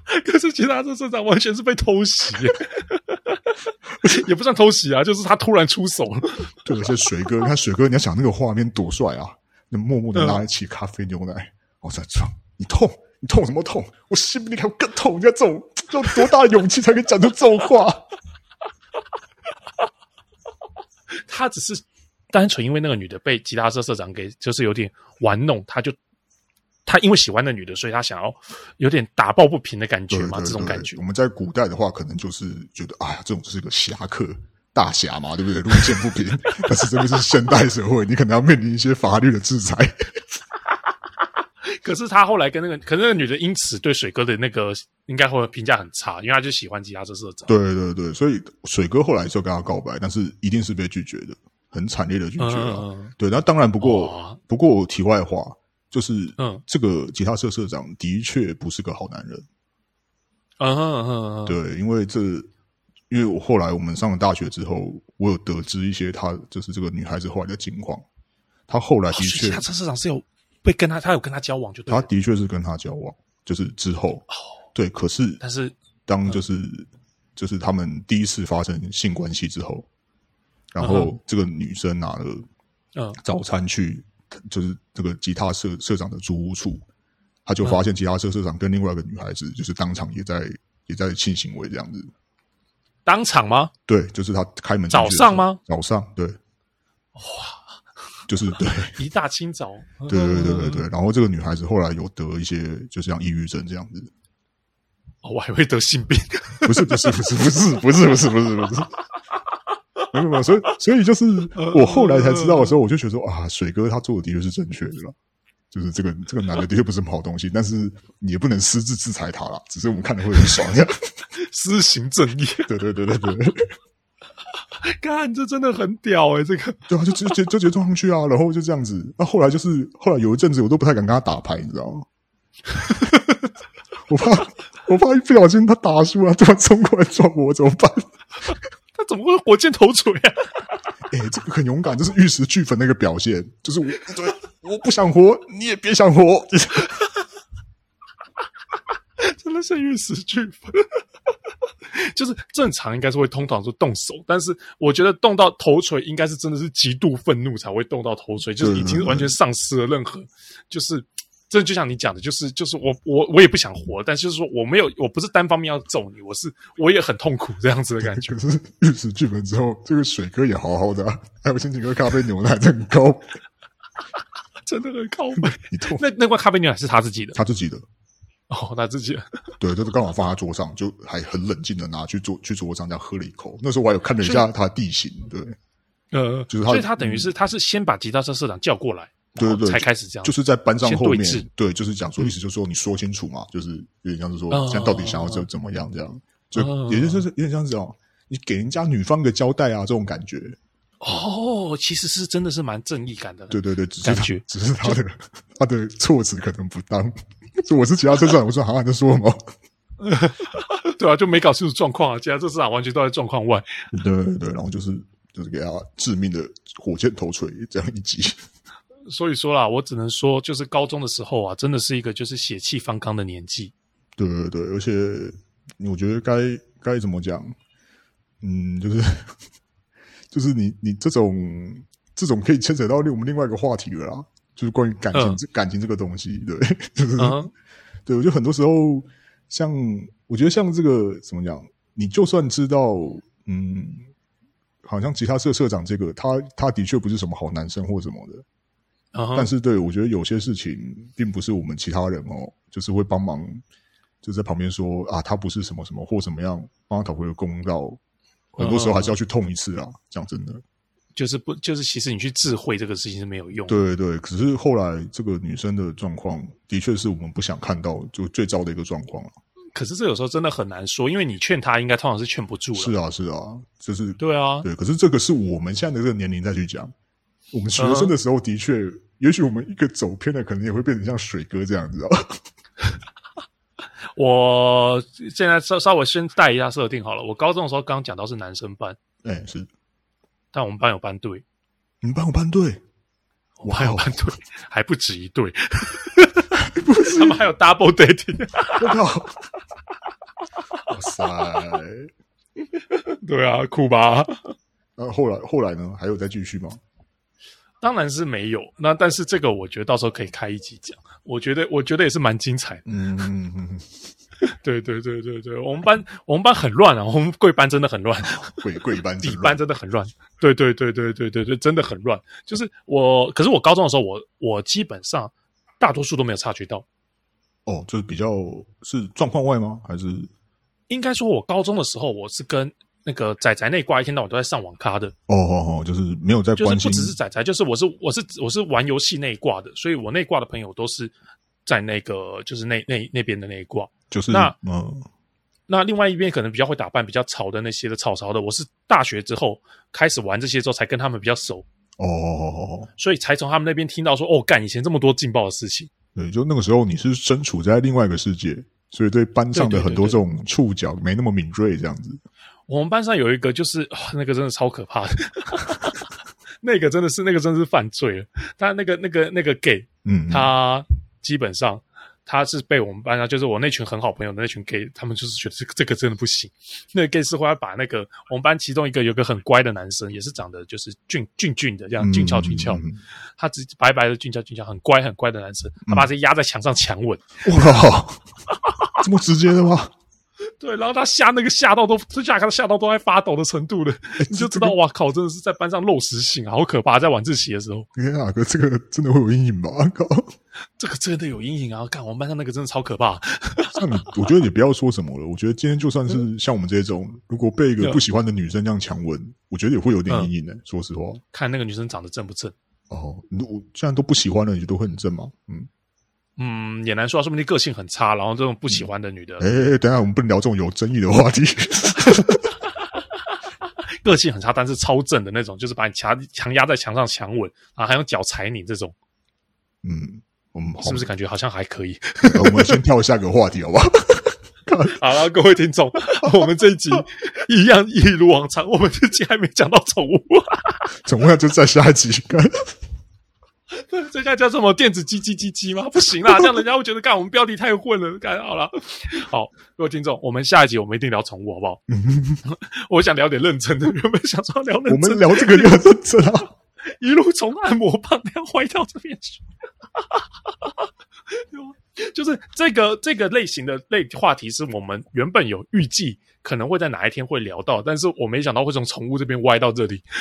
欸、 可是其他這社長完全是被偷襲， 也不算偷襲啊，就是他突然出手了 。對，而且水哥，你看水哥，你要想那個畫面多帥啊！那默默的拿起咖啡牛奶，我再撞你，痛你痛什麼痛？我心比你還要更痛，你要走。要多大的勇氣才可以講出這種話 ？他只是單純因為那個女的被吉他社社長給就是有點玩弄，他就他因為喜歡那女的，所以他想要有點打抱不平的感覺嘛，這種感覺。我們在古代的話，可能就是覺得，哎呀，這種就是個俠客大俠嘛，對不對？路見不平。 但是這邊是現代社會，你可能要面臨一些法律的制裁。 可是他後來跟那個，可是那個女的因此對水哥的那個應該會評價很差，因為他就喜歡吉他社社長。對對對，所以水哥後來就跟他告白，但是一定是被拒絕的，很慘烈的拒絕、啊嗯。對，那當然不過、哦、不過我題外話，就是嗯，這個吉他社社長的確不是個好男人。嗯哼哼、嗯嗯嗯、對，因為這因為我後來我們上了大學之後，我有得知一些他就是這個女孩子後來的情況。他後來的確、哦，吉他社社長是有。會跟他，他有跟他交往就對。他的確是跟他交往，就是之後，哦、對。可是、就是，但是當就是就是他們第一次發生性關係之後，然後這個女生拿了嗯早餐去，就是這個吉他社社長的租屋處，他就發現吉他社社長跟另外一個女孩子，就是當場也在也在性行為這樣子。當場嗎？對，就是他開門。早上嗎？早上對，哇。就是對，一大清早，對對對對對、嗯，然後這個女孩子後來有得一些，就像抑鬱症這樣子。哦，我還會得性病？不是不是不是不是不是不是不是，不是所以所以就是、嗯、我後來才知道的時候，嗯、我就覺得說、嗯、啊，水哥他做的的確是正確的了。就是這個這個男的的確不是什麼好東西， 但是也不能私自制裁他了。只是我們看的會很爽， 這樣，私刑正義。對對對對對。 看，這真的很屌哎、欸！這個。對啊，就就就直接撞上去啊，然後就這樣子。那後，後來就是後來有一陣子，我都不太敢跟他打牌，你知道嗎？ 我怕我怕一不小心他打輸了、啊，突然衝過來撞我，怎麼辦？ 他怎麼會火箭頭錘啊？哎 欸，這個很勇敢，就是玉石俱焚那個表現，就是我，對，我不想活， 你也別想活。就是 真的是玉石俱焚， 就是正常應該是會通常說動手，但是我覺得動到頭錘應該是真的是極度憤怒才會動到頭錘，就是已經是完全喪失了任何，就是這就像你講的，就是就是我我我也不想活，但是就是說我沒有我不是單方面要揍你，我是我也很痛苦這樣子的感覺。就是玉石俱焚之後，這個水哥也好好的啊，還有心情喝咖啡牛奶很 高， 真的很高。 那那罐咖啡牛奶是他自己的，他自己的。哦、他自己， 對，就是剛好放在桌上，就還很冷靜的拿去桌去桌上這樣喝了一口。那時候我還有看了一下他的地形，對，呃，就是他，所以他等於是，嗯、他是先把吉他社社長叫過來，對對對，才開始這樣，就是在班上後面對，對，就是講說意思，嗯、就是說你說清楚嘛，就是有點像是說，嗯、現在到底想要怎怎麼樣這樣，就，嗯、也就是，嗯、有點像是這樣哦，你給人家女方個交代啊，這種感覺。哦，其實是真的是蠻正義感的感，對對對，只是他感覺只是他的他的，他的措辭可能不當。就 我是其他戰場， 我說好像的說什麼， 啊 對啊，就沒搞清楚狀況啊。其他戰場完全都在狀況外， 對對對。然後就是就是給他致命的火箭頭錘這樣一擊。所以說啦，我只能說，就是高中的時候啊，真的是一個就是血氣方剛的年紀。對對對，而且我覺得該該怎麼講，嗯，就是就是你你這種這種可以牽扯到我們另外一個話題了啦。就是關於感情、嗯，感情這個東西，對，就是 uh -huh. 對，我覺得很多時候像，像我覺得像這個怎麼講，你就算知道，嗯，好像吉他社社長這個，他他的確不是什麼好男生或什麼的，uh -huh. 但是對，我覺得有些事情，並不是我們其他人哦、喔，就是會幫忙，就在旁邊說啊，他不是什麼什麼或怎麼樣，幫他討回了公道，很多時候還是要去痛一次啊，講、uh -huh. 真的。就是不，就是其實你去智慧這個事情是沒有用的。對對對，可是後來這個女生的狀況的確是我們不想看到，就最糟的一個狀況啊。可是這有時候真的很難說，因為你勸她應該通常是勸不住的。是啊，是啊，就是對啊，對。可是這個是我們現在的這個年齡再去講。我們學生的時候，的確、嗯，也許我們一個走偏了，可能也會變成像水哥這樣子啊。你知道 我現在稍稍微先帶一下設定好了。我高中的時候，剛剛講到是男生班。哎、欸，是。但我們班有班隊，你們班有班隊，我還有班隊，wow，還不止一隊， 還不止 不是，他們還有 double dating， 我靠，哇塞， 對啊，酷吧？那、啊、後來後來呢？還有再繼續嗎？當然是沒有。那但是這個，我覺得到時候可以開一集講。我覺得我覺得也是蠻精彩的。嗯嗯嗯。嗯 對對對對對，對，我們班我們班很亂啊，我們貴班真的很亂， 貴貴班 底班真的很亂， 對對對對對對對，對，真的很亂。就是我，可是我高中的時候，我我基本上大多數都沒有察覺到。哦，就是比較是狀況外嗎？還是應該說，我高中的時候，我是跟那個仔仔那掛，一天到晚都在上網咖的。哦哦哦，就是沒有在，就不只是仔仔，就是我是我是我是玩遊戲那一掛的，所以我那掛的朋友都是。在那個就是那那那邊的那一卦就是那、嗯、那另外一邊可能比較會打扮、比較潮的那些的潮潮的，我是大學之後開始玩這些之後，才跟他們比較熟哦，哦，哦，哦，哦，所以才從他們那邊聽到說哦，幹以前這麼多勁爆的事情，對，就那個時候你是身處在另外一個世界，所以對班上的很多這種觸角沒那麼敏銳，這樣子對對對對。我們班上有一個就是那個真的超可怕的， 那個真的是那個真的是犯罪了，他那個那個那個 gay，嗯，嗯，他。基本上，他是被我們班上，就是我那群很好朋友的那群 gay，他們就是覺得這個這個真的不行。那個 gay 似乎要把那個我們班其中一個有一個很乖的男生，也是長得就是俊俊俊的這樣，俊俏俊俏，他只白白的俊俏俊俏，很乖很乖的男生，他把自己壓在牆上強吻、嗯。哇、哦，這麼直接的嗎？ 對，然後他嚇那個嚇到都，這下他嚇到都在發抖的程度了，你就知道這、這個、哇靠，真的是在班上露習性，好可怕！在晚自習的時候，那個、啊、這個真的會有陰影吧？靠，這個真的有陰影啊！看我們班上那個真的超可怕 。我覺得也不要說什麼了， 我覺得今天就算是像我們這種、嗯，如果被一個不喜歡的女生這樣強吻、嗯，我覺得也會有點陰影的、欸嗯。說實話，看那個女生長得正不正？哦，既然都，都不喜歡了，你都會很正嘛？嗯。嗯，也難說、啊，說不定個性很差，然後這種不喜歡的女的。哎、嗯欸欸，等一下我們不能聊這種有爭議的話題。 個性很差，但是超正的那種，就是把你強強壓在牆上強吻，然後還用腳踩你這種。嗯，我們好，是不是感覺好像還可以？我們先跳下個話題，好不好？ 好了，各位聽眾， 我們這一集一樣一如往常，我們這集還沒講到寵物。寵 物就再下一集。 這家叫什麼電子雞雞雞雞嗎？不行啦，這樣人家會覺得， 幹我們標題太混了。幹，好啦，好，各位聽眾，我們下一集我們一定聊寵物，好不好？嗯， 我想聊點認真的，原本想說要聊認真，我們聊這個就很認真啊， 一路從按摩棒那樣歪到這邊去，哈哈哈哈哈。就是這個這個類型的類話題是我們原本有預計可能會在哪一天會聊到，但是我沒想到會從寵物這邊歪到這裡。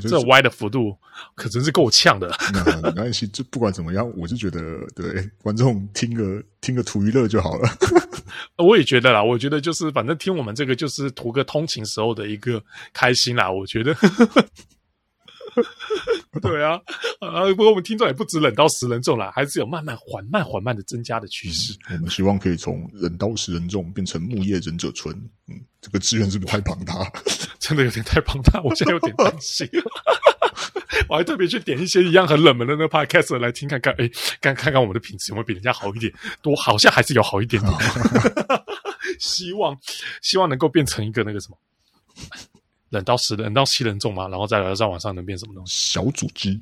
這歪的幅度、嗯就是、可真是夠嗆的。沒關係，就不管怎麼樣， 我就覺得對，觀眾聽個聽個圖娛樂就好了。 我也覺得啦，我覺得就是反正聽我們這個就是圖個通勤時候的一個開心啦，我覺得。 對啊，啊！不過我們聽眾也不止冷到十人眾了，還是有慢慢、緩慢、緩慢的增加的趨勢、嗯。我們希望可以從冷到十人眾變成木葉忍者村，嗯、這個資源是不是太龐大？ 真的有點太龐大，我現在有點擔心。 我還特別去點一些一樣很冷門的那個 podcast 來聽看看，哎、欸，看看看我們的品質有沒有比人家好一點？多好像還是有好一點的。 希望，希望能夠變成一個那個什麼。冷到十人冷到七人眾嘛，然後再來再往上能變什麼東西？小組織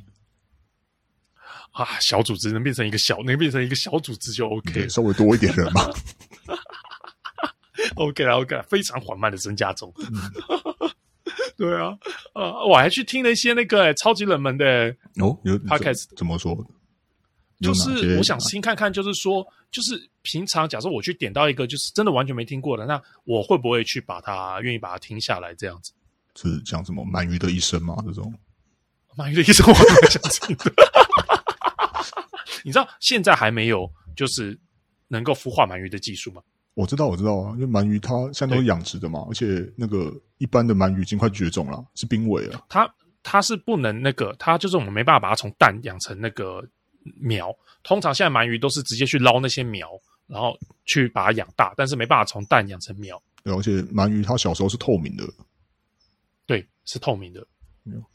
啊，小組織能變成一個小，能變成一個小組織就 OK，稍微多一點人嘛。 OK 了，OK 了，非常緩慢的增加中。嗯、 對啊，呃、啊，我還去聽了一些那個、欸、超級冷門的哦，有 Podcast 怎麼說？就是我想先看看，就是說，就是平常假設我去點到一個，就是真的完全沒聽過的，那我會不會去把它願意把它聽下來這樣子？是講什麼鰻魚的一生嘛？這種鰻魚的一生，我都不想講。你知道現在還沒有就是能夠孵化鰻魚的技術嗎？我知道，我知道啊，因為鰻魚它現在都是養殖的嘛，而且那個一般的鰻魚已經快絕種了，是瀕危了。它它是不能那個，它就是我們沒辦法把它從蛋養成那個苗。通常現在鰻魚都是直接去撈那些苗，然後去把它養大，但是沒辦法從蛋養成苗。對，而且鰻魚它小時候是透明的。是透明的，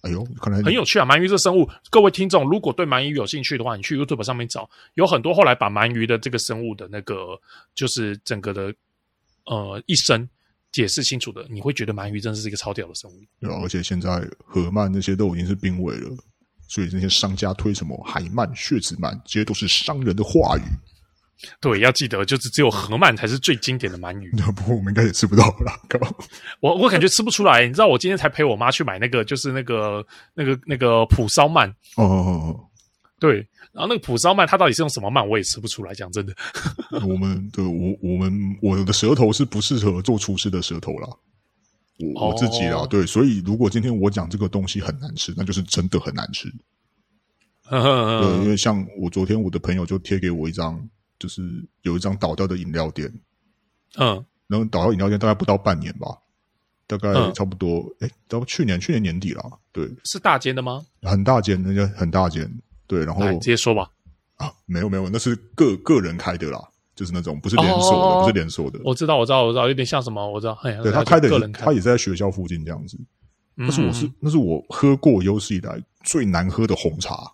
哎呦，可能很有趣啊！鰻魚這個生物，各位聽眾如果對鰻魚有興趣的話，你去 YouTube 上面找，有很多後來把鰻魚的這個生物的那個，就是整個的呃一生解釋清楚的，你會覺得鰻魚真的是一個超屌的生物。對、嗯，而且現在河鰻那些都已經是瀕危了，所以那些商家推什麼海鰻、血子鰻，這些都是商人的話語。對，要記得，就是只有河鰻才是最經典的鰻魚。 不過我們應該也吃不到了，靠。我我感覺吃不出來。你知道，我今天才陪我媽去買那個，就是那個那個那個蒲燒鰻哦。對，然後那個蒲燒鰻，它到底是用什麼鰻，我也吃不出來。講真的，我們對我我們我的舌頭是不適合做廚師的舌頭啦。我我自己啦，哦，對，所以如果今天我講這個東西很難吃，那就是真的很難吃。呵呵呵。對，因為像我昨天我的朋友就貼給我一張。就是有一張倒掉的飲料店，嗯，然後倒掉飲料店大概不到半年吧，大概差不多，嗯、誒到去年，去年年底了，對，是大間的嗎？很大間，人家很大間，對，然後直接說吧，啊，沒有沒有，那是個個人開的啦，就是那種不是連鎖的，不是連鎖的，哦哦哦哦哦、的，我知道我知道我知道，有點像什麼，我知道，知道對，他開的他也是在學校附近這樣子，那、嗯嗯嗯、是我是那是我喝過有史以來最難喝的紅茶。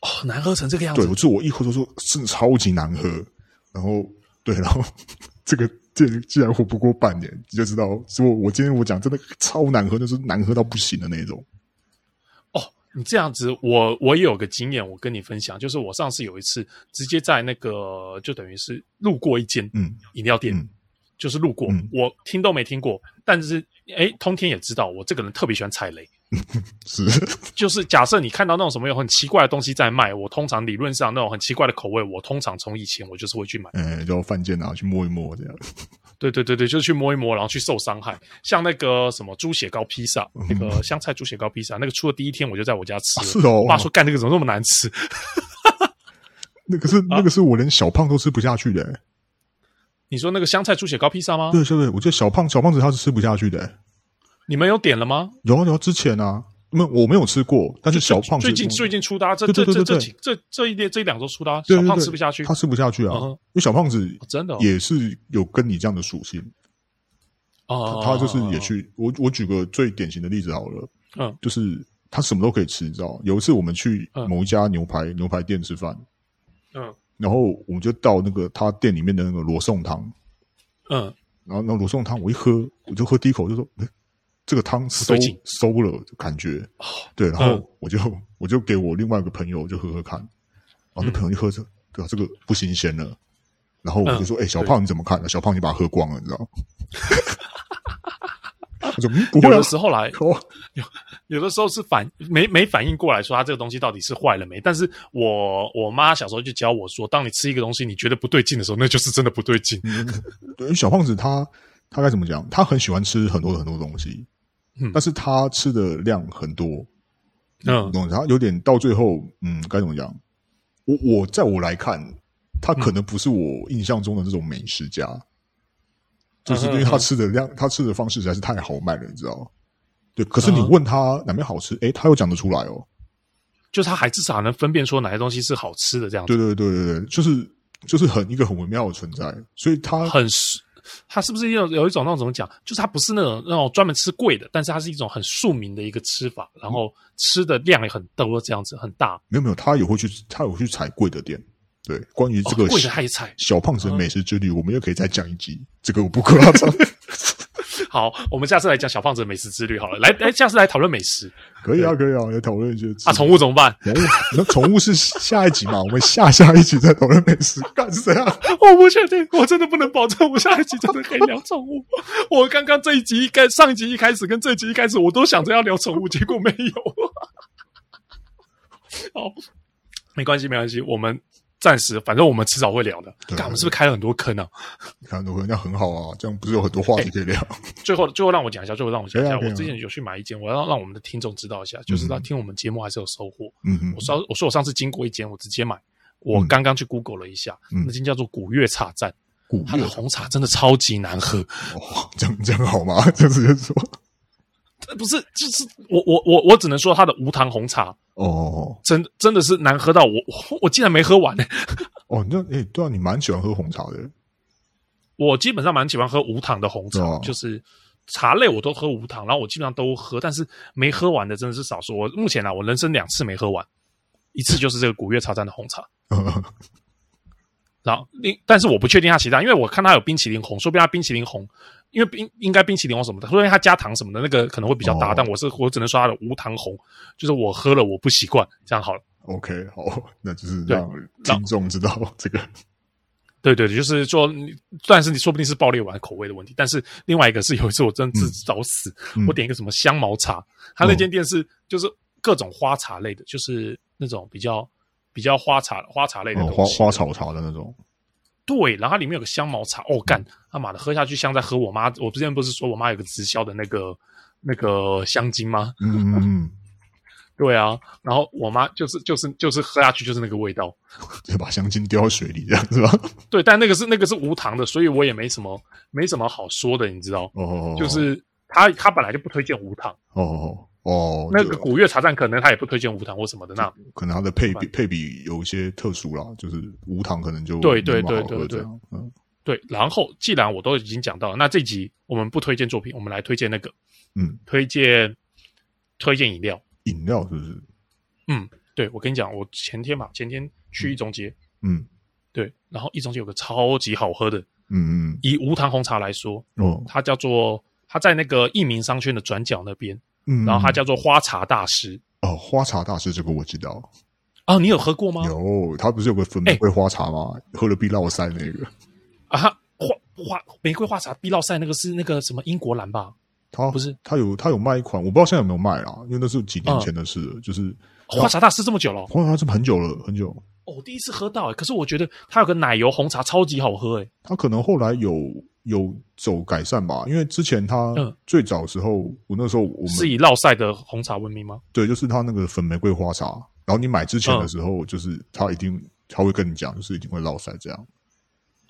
哦，難喝成這個樣子！對，我就我一喝就說是超級難喝，然後對，然後這個這竟然活不過半年，你就知道，我我今天我講真的超難喝，就是難喝到不行的那種。哦，你這樣子，我我也有個經驗，我跟你分享，就是我上次有一次直接在那個就等於是路過一間嗯飲料店，嗯嗯，就是路過，嗯，我聽都沒聽過，但是哎，欸，通天也知道我這個人特別喜歡踩雷。 是，就是假設你看到那種什麼有很奇怪的東西在賣，我通常理論上那種很奇怪的口味，我通常從以前我就是會去買，哎、欸，就犯賤，然後去摸一摸這樣，對對對對，就是去摸一摸，然後去受傷害，像那個什麼豬血糕披薩，那個香菜豬血糕披薩， 那個出了第一天我就在我家吃了，啊、是哦，爸說幹，那個怎麼那麼難吃， 那可是那個是我連小胖都吃不下去的、欸啊，你說那個香菜豬血糕披薩嗎？對，是對，我覺得小胖小胖子他是吃不下去的、欸。你們有點了嗎？有、啊、有、啊、之前啊，沒我沒有吃過，但是小胖最近最近出搭、啊、這對對對對對這這這這一列這一兩周出搭、啊、小胖吃不下去，他吃不下去啊，嗯、因為小胖子真的也是有跟你這樣的屬性啊、哦，他就是也去、哦、我我舉個最典型的例子好了，嗯，就是他什麼都可以吃，你知道，有一次我們去某一家牛排、嗯、牛排店吃飯，嗯，然後我們就到那個他店裡面的那個羅宋湯，嗯，然後那羅宋湯我一喝我就喝第一口就說。這個湯餿餿了，感覺、哦、對，然後我就、嗯、我就給我另外一個朋友就喝喝看，然、哦、後那朋友就喝着，嗯、對吧？這個不新鮮了，然後我就說：“哎、嗯欸，小胖你怎麼看的？小胖你把它喝光了，你知道？哈哈哈哈，我說有的時候來，有有的時候是反沒沒反應過來，說他這個東西到底是壞了沒？但是我我媽小時候就教我說，當你吃一個東西你覺得不對勁的時候，那就是真的不對勁。嗯、對小胖子他他該怎麼講？他很喜歡吃很多很多東西。但是他吃的量很多，嗯，然後他有點到最後，嗯，該怎麼講？我我在我來看，他可能不是我印象中的那種美食家，嗯，就是因為他吃的量，嗯嗯，他吃的方式實在是太豪邁了，你知道嗎？對，可是你問他哪邊好吃，哎，嗯，欸，他又講得出來哦，就是他還至少能分辨出哪些東西是好吃的，這樣子。對對對對對，就是就是很一個很微妙的存在，所以他很。他是不是有有一種那種怎麼講？就是他不是那種那種專門吃貴的，但是它是一種很庶民的一個吃法，嗯、然後吃的量也很逗，多這樣子，很大。沒有沒有，他也會去，他也會去踩貴的店。對，關於這個、哦、貴的他也踩小胖子，美食之旅，我們又可以再講一集。嗯、這個我不誇張。 好，我們下次來講小胖子的美食之旅好了。來，下次來討論美食，可以啊，可以啊，來討論一些。啊，寵物怎麼辦？寵物，那寵物是下一集嘛？ 我們下下一集再討論美食，幹啥？我不確定，我真的不能保證我下一集真的可以聊寵物。 我剛剛這一集一開，上一集一開始跟這一集一開始，我都想着要聊寵物，結果沒有。 好，沒關係，沒關係，我們。暫時，反正我們遲早會聊的。我們是不是開了很多坑啊？開很多坑，那很好啊，這樣不是有很多話可以聊，欸。最後，最後讓我講一下，最後讓我講一下，哎。我之前有去買一間，哎，我要讓我們的聽眾知道一下，嗯，就是他聽我們節目還是有收穫。嗯嗯。我上我說我上次經過一間，我直接買。我剛剛去 Google 了一下，嗯，那間叫做古月茶站古月，它的紅茶真的超級難喝。哇，哦，這樣這樣好嗎？這直接說。不是，就是我我我我只能說他的無糖紅茶哦，oh. 真真的是難喝到我我，我竟然沒喝完，欸。哦，oh，那，欸、哎，對啊，你蠻喜歡喝紅茶的。我基本上蠻喜歡喝無糖的紅茶，oh. 就是茶類我都喝無糖，然後我基本上都喝，但是沒喝完的真的是少數。我目前呢，我人生兩次沒喝完，一次就是這個古月茶站的紅茶。 然後另，但是我不確定它其他，因為我看它有冰淇淋紅，說不定它冰淇淋紅。因為冰應該冰淇淋或什麼的，除非它加糖什麼的，那個可能會比較搭，哦。但我是我只能說它的無糖紅，就是我喝了我不習慣。這樣好了，OK，好，那就是讓聽眾知道這個。對對，就是說，但是你說不定是爆裂丸口味的問題，但是另外一個是有一次我真是自找死，嗯，我點一個什麼香茅茶，嗯、它那間店是就是各種花茶類的，就是那種比較比較花茶花茶類的東西，哦、花花草茶的那種。對，然後它裡面有個香茅茶，哦，幹，他媽的喝下去像在喝我媽，我之前不是說我媽有個直銷的那個那個香精嗎？嗯嗯， 對啊，然後我媽就是就是就是喝下去就是那個味道，就把香精丟到水裡這樣是吧？對，但那個是那個是無糖的，所以我也沒什麼沒什麼好說的，你知道？哦，哦，哦，哦，就是他他本來就不推薦無糖，哦，哦，哦。哦，那個古月茶站可能他也不推薦無糖或什麼的那種，可能它的配比配比有一些特殊啦，就是無糖可能就對對對對對，對、嗯，對。然後既然我都已經講到了，那這集我們不推薦作品，我們來推薦那個，嗯，推薦推薦飲料，飲料是不是？嗯，對，我跟你講，我前天嘛，前天去一中街，嗯，對，然後一中街有個超級好喝的，嗯嗯，以無糖紅茶來說，哦、嗯，它叫做它在那個益民商圈的轉角那邊。嗯，然後他叫做花茶大師哦、啊，花茶大師這個我知道啊，你有喝過嗎？有，他不是有個粉玫瑰花茶嗎？欸、喝了碧浪塞那個啊，他花花玫瑰花茶碧浪塞那個是那個什麼英國藍吧？他不是他有他有賣一款，我不知道現在有沒有賣啊，因為那是幾年前的事了、啊，就是、啊、花茶大師這麼久了，花茶是很久了很久了哦，第一次喝到誒、欸、可是我覺得他有個奶油紅茶超級好喝誒、欸，他可能後來有。有走改善吧，因為之前他最早的時候，嗯、我那時候我們是以烙賽的紅茶聞名嗎？對，就是他那個粉玫瑰花茶。然後你買之前的時候，嗯、就是他一定他會跟你講，就是一定會烙賽這樣。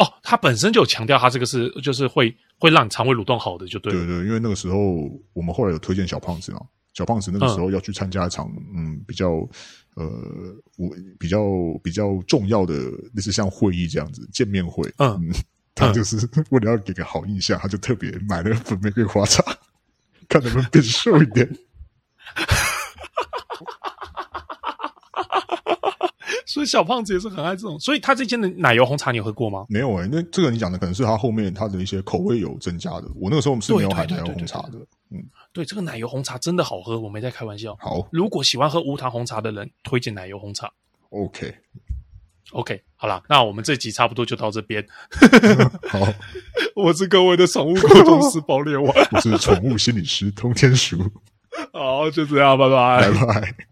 哦，他本身就有強調，他這個是就是會會讓你腸胃蠕動好的就，就對對對。因為那個時候我們後來有推薦小胖子嘛，小胖子那個時候要去參加一場嗯,嗯比較呃我比較比較重要的，類似像會議這樣子見面會嗯。嗯他就是為了要給個好印象，他就特別買了粉玫瑰花茶，看能不能變瘦一點。 所以小胖子也是很愛這種，所以他這間的奶油紅茶你有喝過嗎？沒有哎、欸，那這個你講的可能是他後面他的一些口味有增加的。我那個時候我們是沒有買奶油紅茶的。嗯，對，這個奶油紅茶真的好喝，我沒在開玩笑。好，如果喜歡喝無糖紅茶的人，推薦奶油紅茶。OK，OK、okay. okay.。好了，那我們這集差不多就到這邊、 嗯。好，我是各位的寵物溝通師暴裂王，我是寵物心理師通 天鼠。好，就這樣，拜拜，拜拜。